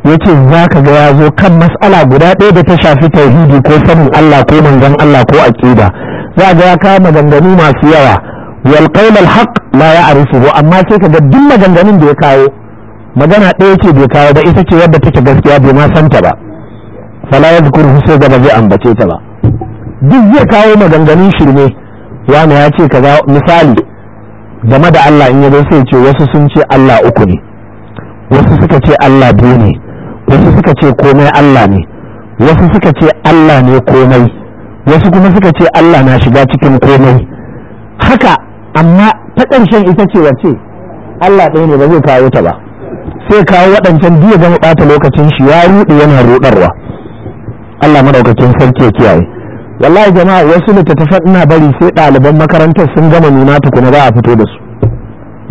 yace zaka ga yazo kan mas'ala guda ɗaya da ta shafi tauhidi ko sanin Allah ko manzon Allah ko aqida za ga ya kawo maganganu masu yawa wal qawl al haqq la ya'rifuhu amma sai kaga duk maganganun da ya kawo magana ɗaya ce bai kawo ba ita ce wadda take gaskiya bai ma santa ba fala yadhkuru sai da ba zai ambace ta ba duk zai kawo maganganun shirme wani ya ce kaza misali game da Allah in yazo sai ce wasu sun ce Allah uku ne wasu suka ce Allah biyu ne wasu suka ce komai Allah ne wasu suka ce Allah ne komai wasu kuma suka ce Allah na shiga cikin komai haka amma ta ƙarshen ita ce wace Allah ɗaya ne ba zai kawo ta ba sai kawo waɗancan biyu ya gama ɓata lokacin shi ya ruɗe yana ruɗarwa Allah madaukakin sarki ya kiyaye wallahi jama'a wasu littattafan ina bari sai ɗaliban makarantar sun gama nuna tukuna za a fito da su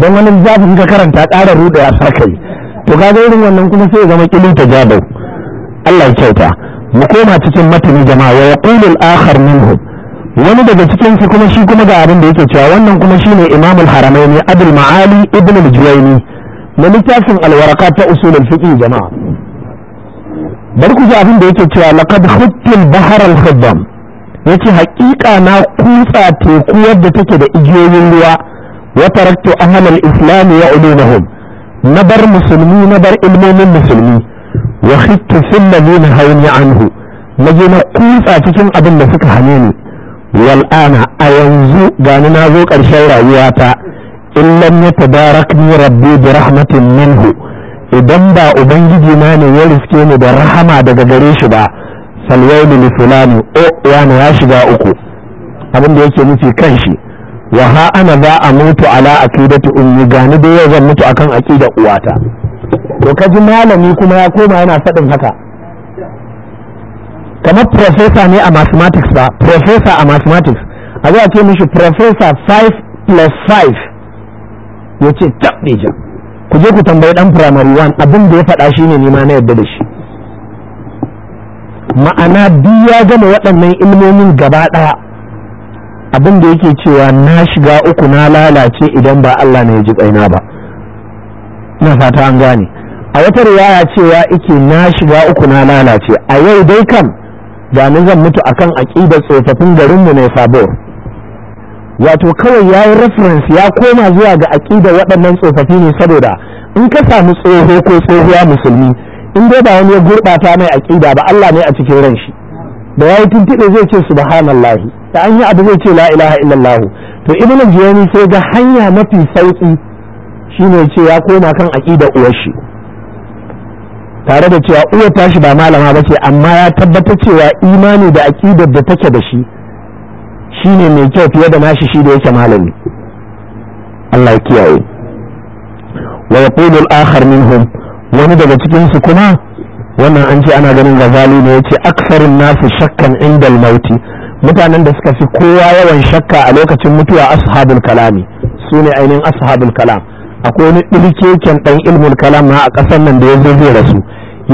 don wani zafin ka karanta ƙara ruɗe a sarkai to kaga irin wannan kuma sai ya zama ƙilin ta jadau Allah ya kyauta mu koma cikin matani jama'a wa yaqulu al-akhar minhum wani daga cikin su kuma shi kuma ga abin da yake cewa wannan kuma shine Imam al-Haramain Abdul Ma'ali Ibn al-Juwayni na littafin al-Waraqat ta usul al-fiqh jama'a bar ku ji abin da yake cewa laqad khutta bahar al khidam yace haƙiƙa na kutsa teku wadda take da igiyoyin ruwa wa taraktu ahlal islam wa ulumahum na bar musulmi na bar ilmomin musulmi wa khittu fil ladina hawni anhu na je na kutsa cikin abin da suka hane ni wal ana a yanzu gani na zo ƙarshen rayuwata in lam yatadarakni rabbi bi rahmatin minhu idan ba ubangiji na ne ya riske ni da rahama daga gare shi ba salwaini ni fulani o wani ya shiga uku abin da yake nufi kan shi wa ha ana za a mutu ala aqidati ummi gani da yau zan mutu akan aqidar uwata to kaji malami kuma ya koma yana fadin haka kamar professor ne a mathematics ba professor a mathematics a za a ce mishi professor 5 plus 5 ya ce tabbeja ku je ku tambayi dan primary 1 abin da ya faɗa shine nima na yadda da shi ma'ana duk ya gama waɗannan ilmomin gaba ɗaya abin da yake cewa na shiga uku na lalace idan ba Allah na ya ji ƙaina ba na fata an gane a wata riwaya cewa ike na shiga uku na lalace a yau dai kam da ni zan mutu akan aƙidar tsofaffin garinmu ne sabo wato kawai ya yi reference ya koma zuwa ga aƙidar waɗannan tsofaffi ne saboda in ka samu tsoho ko tsohuwa musulmi in dai ba wani ya gurɓata mai aƙida ba Allah ne a cikin ran shi da yayi tuntube zai ce subhanallah da an yi abu zai ce la ilaha illallah to ibnu jiyani sai ga hanya mafi sauki shine ce ya koma kan aƙida uwar shi tare da cewa uwar tashi ba malama ba ce amma ya tabbatar cewa imani da aƙidar da take da shi shine mai kyau fiye da nashi shi da yake malami Allah ya kiyaye wa yaqulu al-akhar minhum wani daga cikinsu kuma wannan an ce ana ganin gazali ne ya ce aksarin nasu shakkan inda mauti mutanen da suka fi kowa yawan shakka a lokacin mutuwa ashabul kalami su ne ainihin ashabul kalam akwai wani ɗirkeken ɗan ilmul kalam na a ƙasar nan da ya zo zai rasu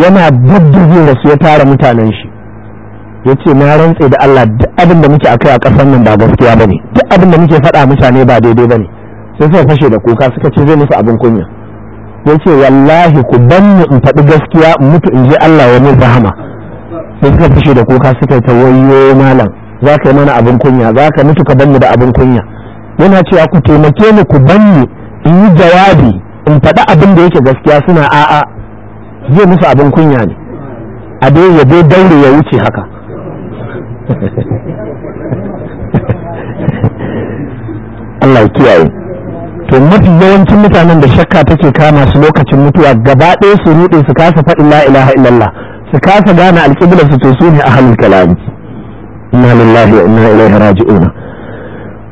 yana duk zai rasu ya tara mutanen shi ya ce na rantse da Allah duk abin da muke akai a ƙasar nan ba gaskiya ba ne duk abin da muke faɗa mutane ba daidai ba ne sai suka fashe da kuka suka ce zai musu abin kunya ya ce wallahi ku ban mu in faɗi gaskiya in mutu in je Allah ya min rahama sai suka fashe da kuka suka ta wayo malam za ka yi mana abin kunya za ka mutu ka ban mu da abin kunya yana cewa ku taimake ni ku ban mu in yi jawabi in faɗi abin da yake gaskiya suna a'a zai musu abin kunya ne a dai ya dai daure ya wuce haka [laughs] Allah ya kiyaye to mafi yawancin mutanen da shakka take kama su lokacin mutuwa gaba ɗaya su ruɗe su kasa faɗin la ilaha illallah su kasa gane alƙibla su to su ne ahlul kalam inna lillahi wa inna ilaihi raji'un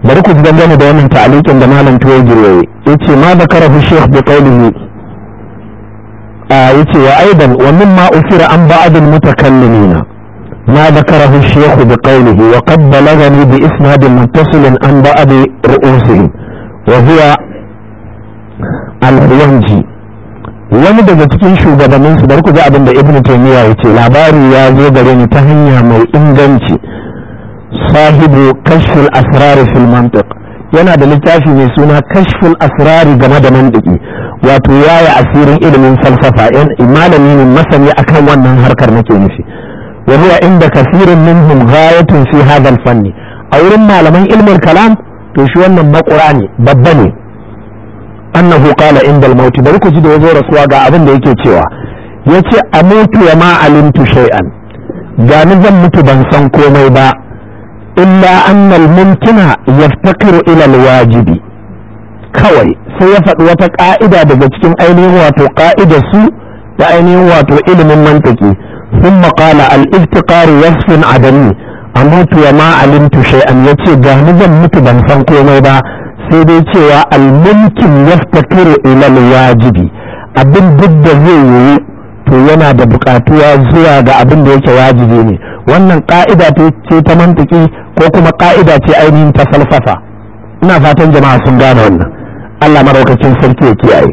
bari ku dangane da wannan ta'alikin da malam tuwaye yace ma zakarahu shaykh bi qawlihi yace wa aidan wa mimma usira an ba'd al mutakallimina ما ذكره الشيخ بقوله وقد بلغني بإسناد متصل عن بعض رؤوسهم وهو al wani daga cikin shugabannin su bar ku ji abin da ibn taymiya yace labari ya zo gare ni ta hanya mai inganci sahibu kashful asrar fil mantiq yana da littafi mai suna kashful asrari game da mandiki wato yaya asirin ilimin falsafa malami ne masani akan wannan harkar nake nufi wa huwa inda kasirin minhum ghayatun fi hadha al-fanni a wurin malaman ilmin kalam to shi wannan makura ne babba ne annahu qala inda al-maut bari ku ji da yazo rasuwa ga abin da yake cewa yace amutu wa ma alimtu shay'an ga ni zan mutu ban san komai ba illa anna al-mumkina yaftakiru ila al-wajibi kawai sai ya faɗi wata ƙa'ida daga cikin ainihin wato ƙa'idar su da ainihin wato ilimin Sun mantiki ثم قال ma وصف عدمي أموت ga ni zan mutu ban san komai ba. sai dai cewa almulkin yaftakiru ilal wajibi abin duk da zai yiwu to yana da buƙatuwa zuwa ga abin da yake wajibi ne wannan ƙa'ida ce ta mantiki ko kuma ƙa'ida ce ainihin ta falsafa ina fatan jama'a sun gane wannan Allah maraukakin sarki ya kiyaye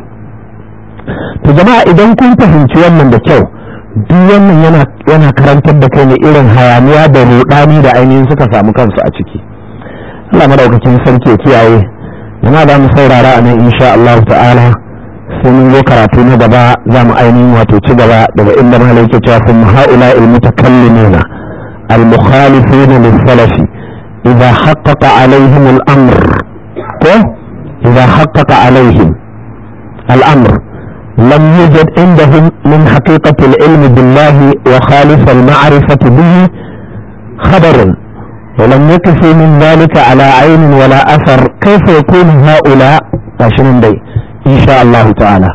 to jama'a idan kun fahimci wannan da kyau duk wannan yana yana karantar da kai ne irin hayaniya da ruɗani da ainihin suka samu kansu a ciki Allah madaukakin sarki ya kiyaye yana da mu saurara a nan insha Allah ta'ala sai mun zo karatu na gaba za mu ainihin wato ci gaba daga inda malam yake cewa sun ha'ula ilmutakallimuna al-mukhalifuna lis-salafi idza haqqaqa alaihim al-amr ko idza haqqaqa alaihim al-amr لم يوجد عندهم من حقيقة العلم بالله وخالف المعرفة به خبر ولم يكف من ذلك على عين ولا أثر كيف يكون هؤلاء عشرين دي إن شاء الله تعالى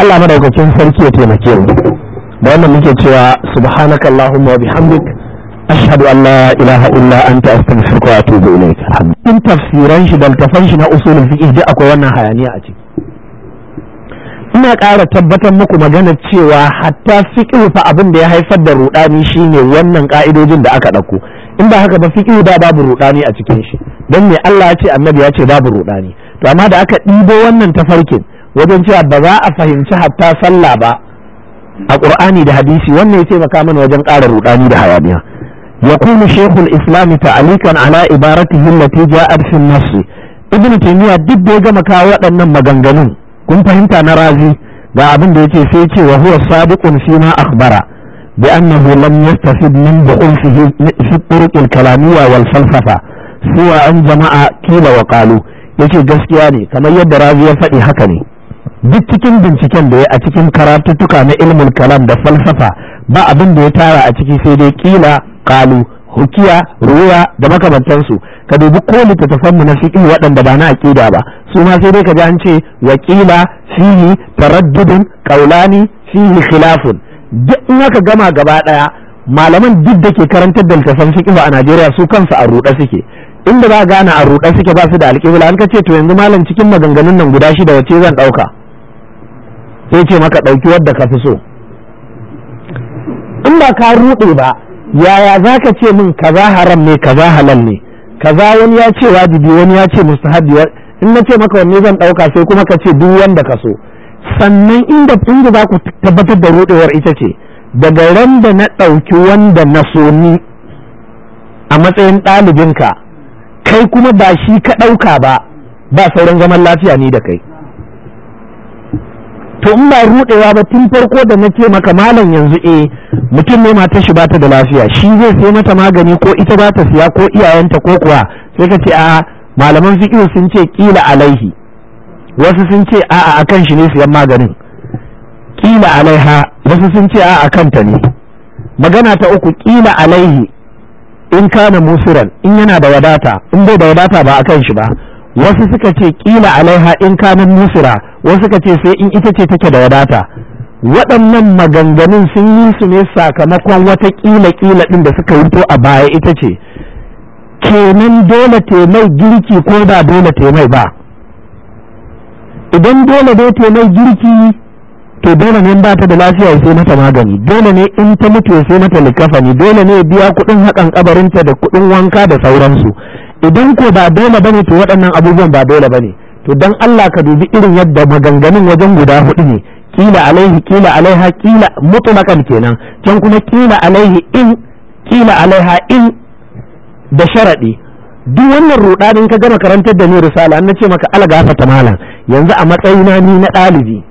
الله مرة يكون فريكية يمكين بأن مكتوى سبحانك اللهم وبحمدك أشهد أن لا إله إلا أنت أستغفرك وأتوب إليك الحمد إن تفسيران شد التفنش أصول في إهداء قوانا وانا هيانياتي ina ƙara tabbatar muku magana cewa hatta fiƙi fa abin da ya haifar da ruɗani shine wannan ƙa'idojin in ba haka ba fiqh da babu rudani a cikin shi don me Allah ya ce annabi ya ce babu rudani to amma da aka ɗibo wannan tafarkin wajen cewa ba za a fahimci hatta sallah ba a qur'ani da hadisi wannan ya taimaka mana wajen ƙara rudani da hayaniya يقول شيخ الإسلام تعليقا على عبارته التي جاءت في النص ابن تيمية duk da ya gama kawo waɗannan maganganun kun fahimta na razi ga abin da yake sai ce wa huwa sabiqun fi ma بأنه لم يستفد من بحوثه في الطرق الكلامية والفلسفة سوى أن جمع كيل وقالوا yake gaskiya ne kamar yadda razi ya faɗi haka ne duk cikin binciken da ya a cikin karatuttuka na ilmul kalam da falsafa ba abin da ya tara a ciki sai dai kila kalu hukiya ruwa da makamantansu ka dubi ko littattafan mu na fiƙi waɗanda ba na aƙida ba su ma sai dai ka ji an ce wakila fihi taraddudun qaulani fihi khilafun duk in aka gama gaba ɗaya malaman duk da ke karantar da littattafan fiqh a Najeriya su kansu a ruɗe suke inda ba gane a ruɗe suke ba su da alƙibla an kace to yanzu malam cikin maganganun nan guda shida wace zan dauka. sai ce maka dauki wadda ka fi so in ba ka ruɗe ba yaya za ka ce min kaza haram ne kaza halal ne kaza wani ya ce wajibi wani ya ce mustahabi in na ce maka wanne zan dauka sai kuma ka ce duk wanda ka so sannan inda inda za ku tabbatar da ruɗewar ita ce daga ran da na ɗauki wanda na so ni a matsayin ɗalibinka kai kuma ba shi ka ɗauka ba ba sauran zaman lafiya ni da kai to in ba ruɗewa ba tun farko da na ce maka malam yanzu eh mutum ne matar shi bata da lafiya shi zai sai mata magani ko ita ba ta siya ko iyayenta ko kuwa sai ka ce a malaman fiqh sun ce kila alaihi wasu sun ce a'a akan shi ne siyan maganin kila alaiha wasu sun ce a'a kanta ne magana ta uku kila alaihi in kana musiran in yana da wadata in bai da wadata ba a kan shi ba wasu suka ce kila alaiha in kana musira wasu suka ce sai in ita ce take da wadata waɗannan maganganun sun yi su ne sakamakon wata kila kila ɗin da suka yi wuto a baya ita ce kenan dole taimai girki ko da dole taimai ba idan dole dai ta mai girki to dole ne ba ta da lafiya sai mata magani dole ne in ta mutu sai mata likafani dole ne biya kuɗin hakan kabarinta da kuɗin wanka da sauransu idan ko ba dole bane to waɗannan abubuwan ba dole bane to dan Allah ka dubi irin yadda maganganun wajen guda hudu ne kila alaihi kila alaiha kila mutlaqan kenan can kuma kila alaihi in kila alaiha in da sharadi duk wannan rudanin ka gama karantar da ni risala na ce maka alagafata ta malam yanzu a matsayina ni na ɗalibi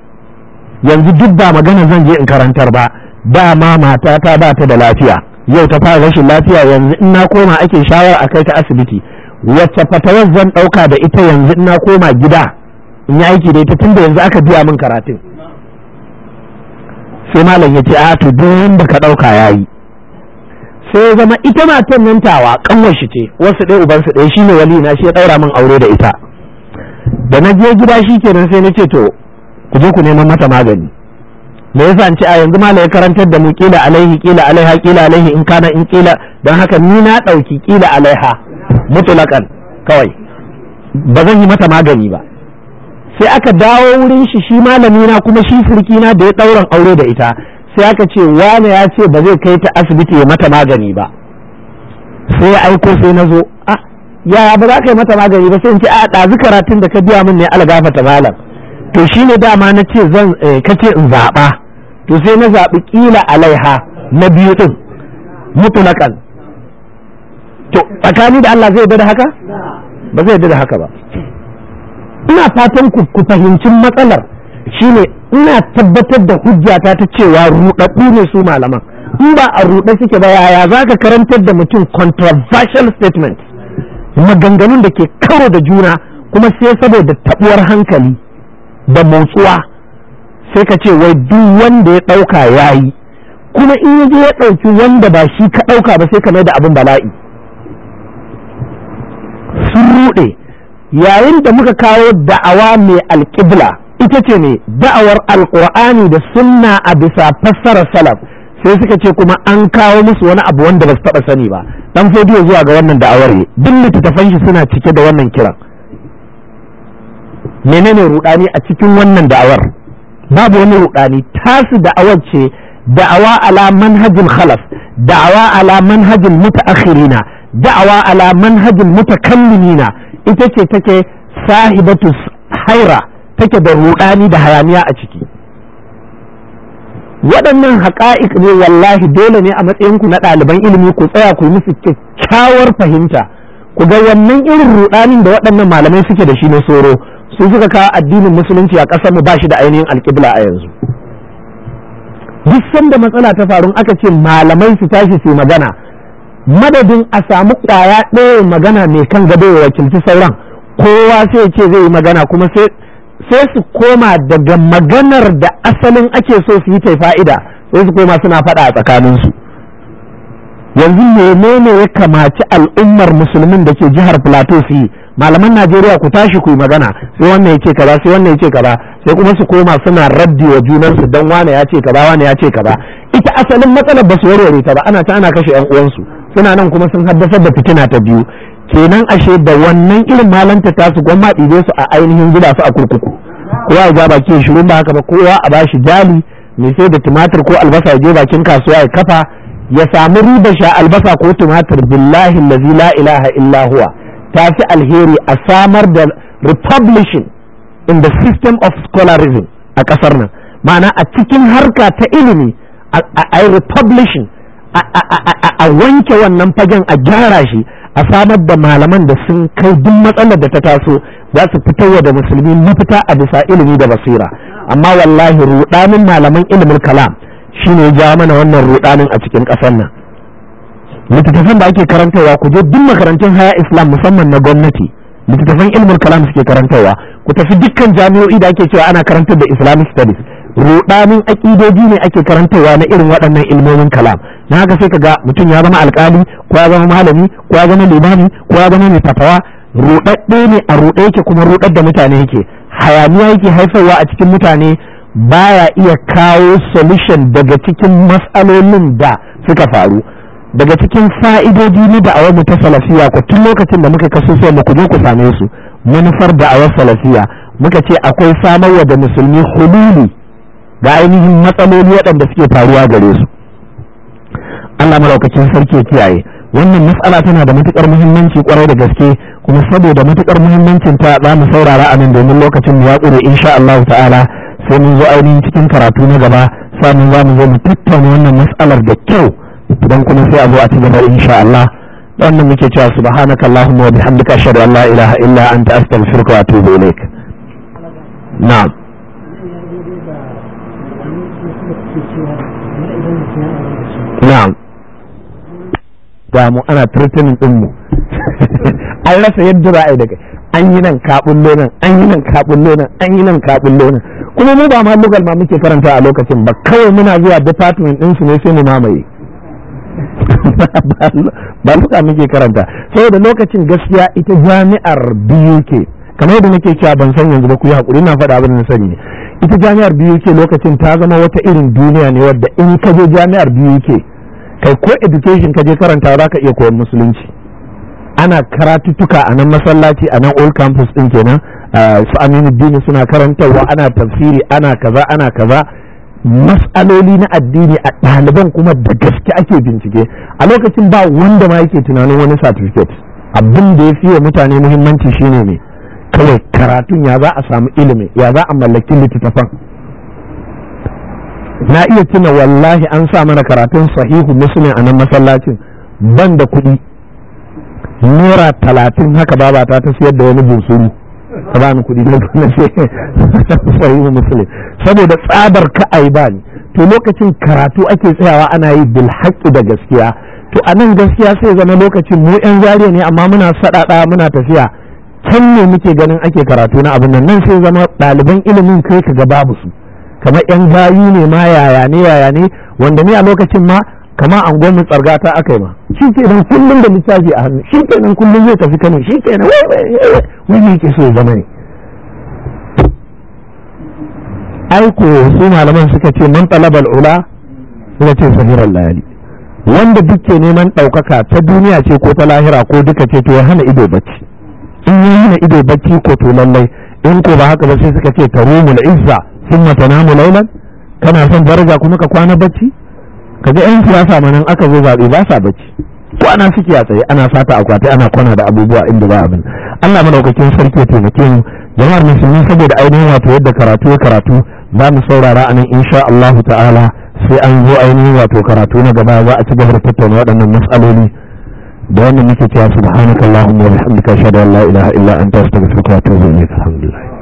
yanzu duk ba magana zan je in karantar ba ba ma matata ba ta da lafiya yau ta fara rashin lafiya yanzu in na koma ake shawara a kai ta asibiti wacce fatawar zan ɗauka da ita yanzu in na koma gida in yi aiki da ita tunda yanzu aka biya min karatun sai malam ya ce a to duk wanda ka ɗauka yayi sai zama ita matan nan tawa kanwar shi ce wasu ɗaya uban su ɗaya shine wali na shi ya ɗaura min aure da ita da na je gida shi kenan sai na ce to ku je ku neman mata magani me yasa ce a yanzu ma ya karantar da mu kila alaihi kila alaiha kila alaihi in kana in kila don haka ni na ɗauki kila alaiha mutulakan kawai ba zan yi mata magani ba sai aka dawo wurin shi shi malami na kuma shi furkina da ya ɗauran aure da ita sai aka ce wane ya ce ba zai kai ta asibiti ya mata magani ba sai ya aiko sai na zo a ya ba za ka yi mata magani ba sai in ce a ɗazu karatun da ka biya min ne algafa ta malam to shi ne dama na ce zan eh, kace in zaɓa to sai na zaɓi ƙila alaiha na biyu ɗin mutunakan to tsakani da Allah zai da haka ba zai da haka ba ina fatan ku fahimci matsalar shine ina tabbatar da hujjata ta cewa ruɗaɗɗu ne su malaman in ba a ruɗe suke ba yaya za ka karantar da mutum controversial statement maganganun da ke karo da juna kuma sai saboda taɓuwar hankali da motsuwa sai ka ce wai duk wanda ya ɗauka ya yi kuma in yaje ya ɗauki wanda ba shi ka ɗauka ba sai ka mai da abin bala'i sun rude. yayin da muka kawo da'awa mai alƙibla ita ce ne da'awar alkur'ani da sunna a bisa fassarar salaf sai suka ce kuma an kawo musu wani abu wanda ba su taɓa sani ba dan fodiyo zuwa ga wannan da'awar ne duk littattafan shi suna cike da wannan kiran menene rudani a cikin wannan da'awar babu wani rudani tasu da'awar ce da'awa ala manhajin khalaf da'awa ala manhajin mutaakhirina da'awa ala manhajin mutakallimina ita ce take sahibatu haira take da ruɗani da hayaniya a ciki waɗannan haƙa'iƙ ne wallahi dole ne a matsayinku na ɗaliban ilimi ku tsaya ku yi musu kyakkyawar fahimta ku ga wannan irin ruɗanin da waɗannan malamai suke da shi na soro su suka kawo addinin musulunci a ƙasar mu ba shi da ainihin alƙibla a yanzu duk sanda matsala ta faru aka ce malamai su tashi su magana madadin a samu ƙwaya ɗaya magana mai kan gado ya wakilci sauran kowa sai ce zai yi magana kuma sai sai su koma daga maganar da asalin ake so su yi ta fa'ida sai su koma suna faɗa a tsakaninsu yanzu menene ya kamaci al'ummar musulmin da ke jihar plateau su yi malaman najeriya ku tashi ku yi magana sai wannan ya ce kaza sai wannan ya ce kaza sai kuma su koma suna raddi wa junansu don wane ya ce kaza wane ya ce kaza ita asalin matsalar ba su warware ta ba ana ta ana kashe yan uwansu suna nan kuma sun haddasar da fitina ta biyu kenan ashe da wannan irin malanta ta su gwamma ɗibe su a ainihin zuba su a kurkuku kowa ya ja shiru ba haka ba kowa a bashi jali mai sai da tumatir ko albasa ya je bakin kasuwa ya kafa ya samu riba sha albasa ko tumatir billahi lazi la ilaha illa huwa ta fi alheri a samar da republishing in the system of scholarism a kasar nan ma'ana a cikin harka ta ilimi a republishing a wanke wannan fagen a gyara shi a samar da malaman da sun kai duk matsalar da ta taso za su fitarwa da musulmi mafita a bisa ilimi da basira amma wallahi rudanin malaman ilimin kalam shine ya jawo mana wannan rudanin a cikin kasar nan littattafan da ake karantarwa ku je duk makarantun haya islam musamman na gwamnati littattafan ilimin kalam suke karantarwa ku tafi dukkan jami'o'i da ake cewa ana karantar da islamic studies rudanin akidoji ne ake karantawa na irin waɗannan ilmomin kalam na haka sai kaga mutum ya zama alkali ko ya zama malami ko ya zama limami ko ya zama mai tafawa rudadde ne a ruɗe yake kuma rudar da mutane yake hayaniya yake haifarwa a cikin mutane baya iya kawo solution daga cikin matsalolin da suka faru daga cikin fa'idoji ne da awamu ta salafiya ko tun lokacin da muka kaso sai ku je ku same su manufar da awar salafiya muka ce akwai samarwa da musulmi hululi da ainihin matsaloli waɗanda suke faruwa gare su Allah malaukakin sarki ya kiyaye wannan matsala tana da matukar muhimmanci kwarai da gaske kuma saboda matukar muhimmancin ta za mu saurara a nan domin lokacin mu ya ƙure insha Allah ta'ala sai mun zo ainihin cikin karatu na gaba sannan za mu zo mu tattauna wannan matsalar da kyau idan kuma sai a zo a ci gaba insha Allah wannan muke cewa subhanakallahumma wa bihamdika ashhadu an la ilaha illa anta astaghfiruka wa atubu ilaik na'am na'am damu ana threatening din mu [laughs] an rasa yadda za a yi daga an yi nan kaɓin nan an yi nan kaɓin nan an yi nan kaɓin nan kuma mu ba ma ma muke faranta a lokacin ba kawai muna zuwa department din su ne sai mu mamaye [laughs] ba luka muke karanta saboda lokacin gaskiya ita jami'ar biyu ke kamar da nake cewa ban san yanzu ba ku yi hakuri na faɗa abin na sani ita jami'ar biyu ke lokacin ta zama wata irin duniya ne wadda in ka je jami'ar biyu ke kai ko education ka je karanta za ka iya koyon musulunci ana karatuttuka a nan masallaci a nan old campus din kenan ah, su aminu dini suna karantarwa ana tafsiri ana kaza ana kaza matsaloli na addini a ɗaliban kuma da gaske ake bincike a lokacin ba wanda ma yake tunanin wani certificate abin da ya fi wa mutane muhimmanci shine ne kawai karatun ya za a samu ilimi ya za a mallaki littattafan na iya tuna wallahi an sa mana karatun sahihu muslim a nan masallacin ban da kuɗi nura talatin haka babata ta siyar da wani bunsuru ta bani kuɗi na [laughs] sahihu muslim saboda tsabar ka'ai ba ni to lokacin karatu ake tsayawa ana yi bil da gaskiya to a nan gaskiya sai zama lokacin mu yan zariya ne amma muna saɗaɗa muna tafiya can ne muke ganin ake karatu na abin nan nan sai zama ɗaliban ilimin kai ka ga babu su kamar yan gayu ne ma yaya ne yaya ne wanda ni a lokacin ma kama an gwamnin tsarga ta aka yi ma shi ke nan kullum da littafi a hannu shi ke nan kullum zai tafi kano shi ke nan wani yake so ya zama ne aiko su malaman suka ce man talabal ula suka ce sahirar layali wanda duk ke neman ɗaukaka ta duniya ce ko ta lahira ko duka ce to ya hana ido bacci in ya hana ido bacci ko to lallai in ko ba haka ba sai suka ce tarumul izza thumma namu laylan kana son daraja kuma ka kwana bacci ka ga yan siyasa manan aka zo zabe ba sa bacci ko ana suke a tsaye ana fata akwati ana kwana da abubuwa inda ba abin Allah madaukakin sarki ya taimake mu jama'ar musulmi saboda ainihin wato yadda karatu ya karatu za mu saurara a nan insha Allahu ta'ala sai an zo ainihin wato karatu na gaba za a ci gaba da tattauna waɗannan matsaloli da wannan muke cewa subhanakallahumma wa bihamdika ashhadu an la ilaha illa anta astaghfiruka wa atubu ilayk alhamdulillah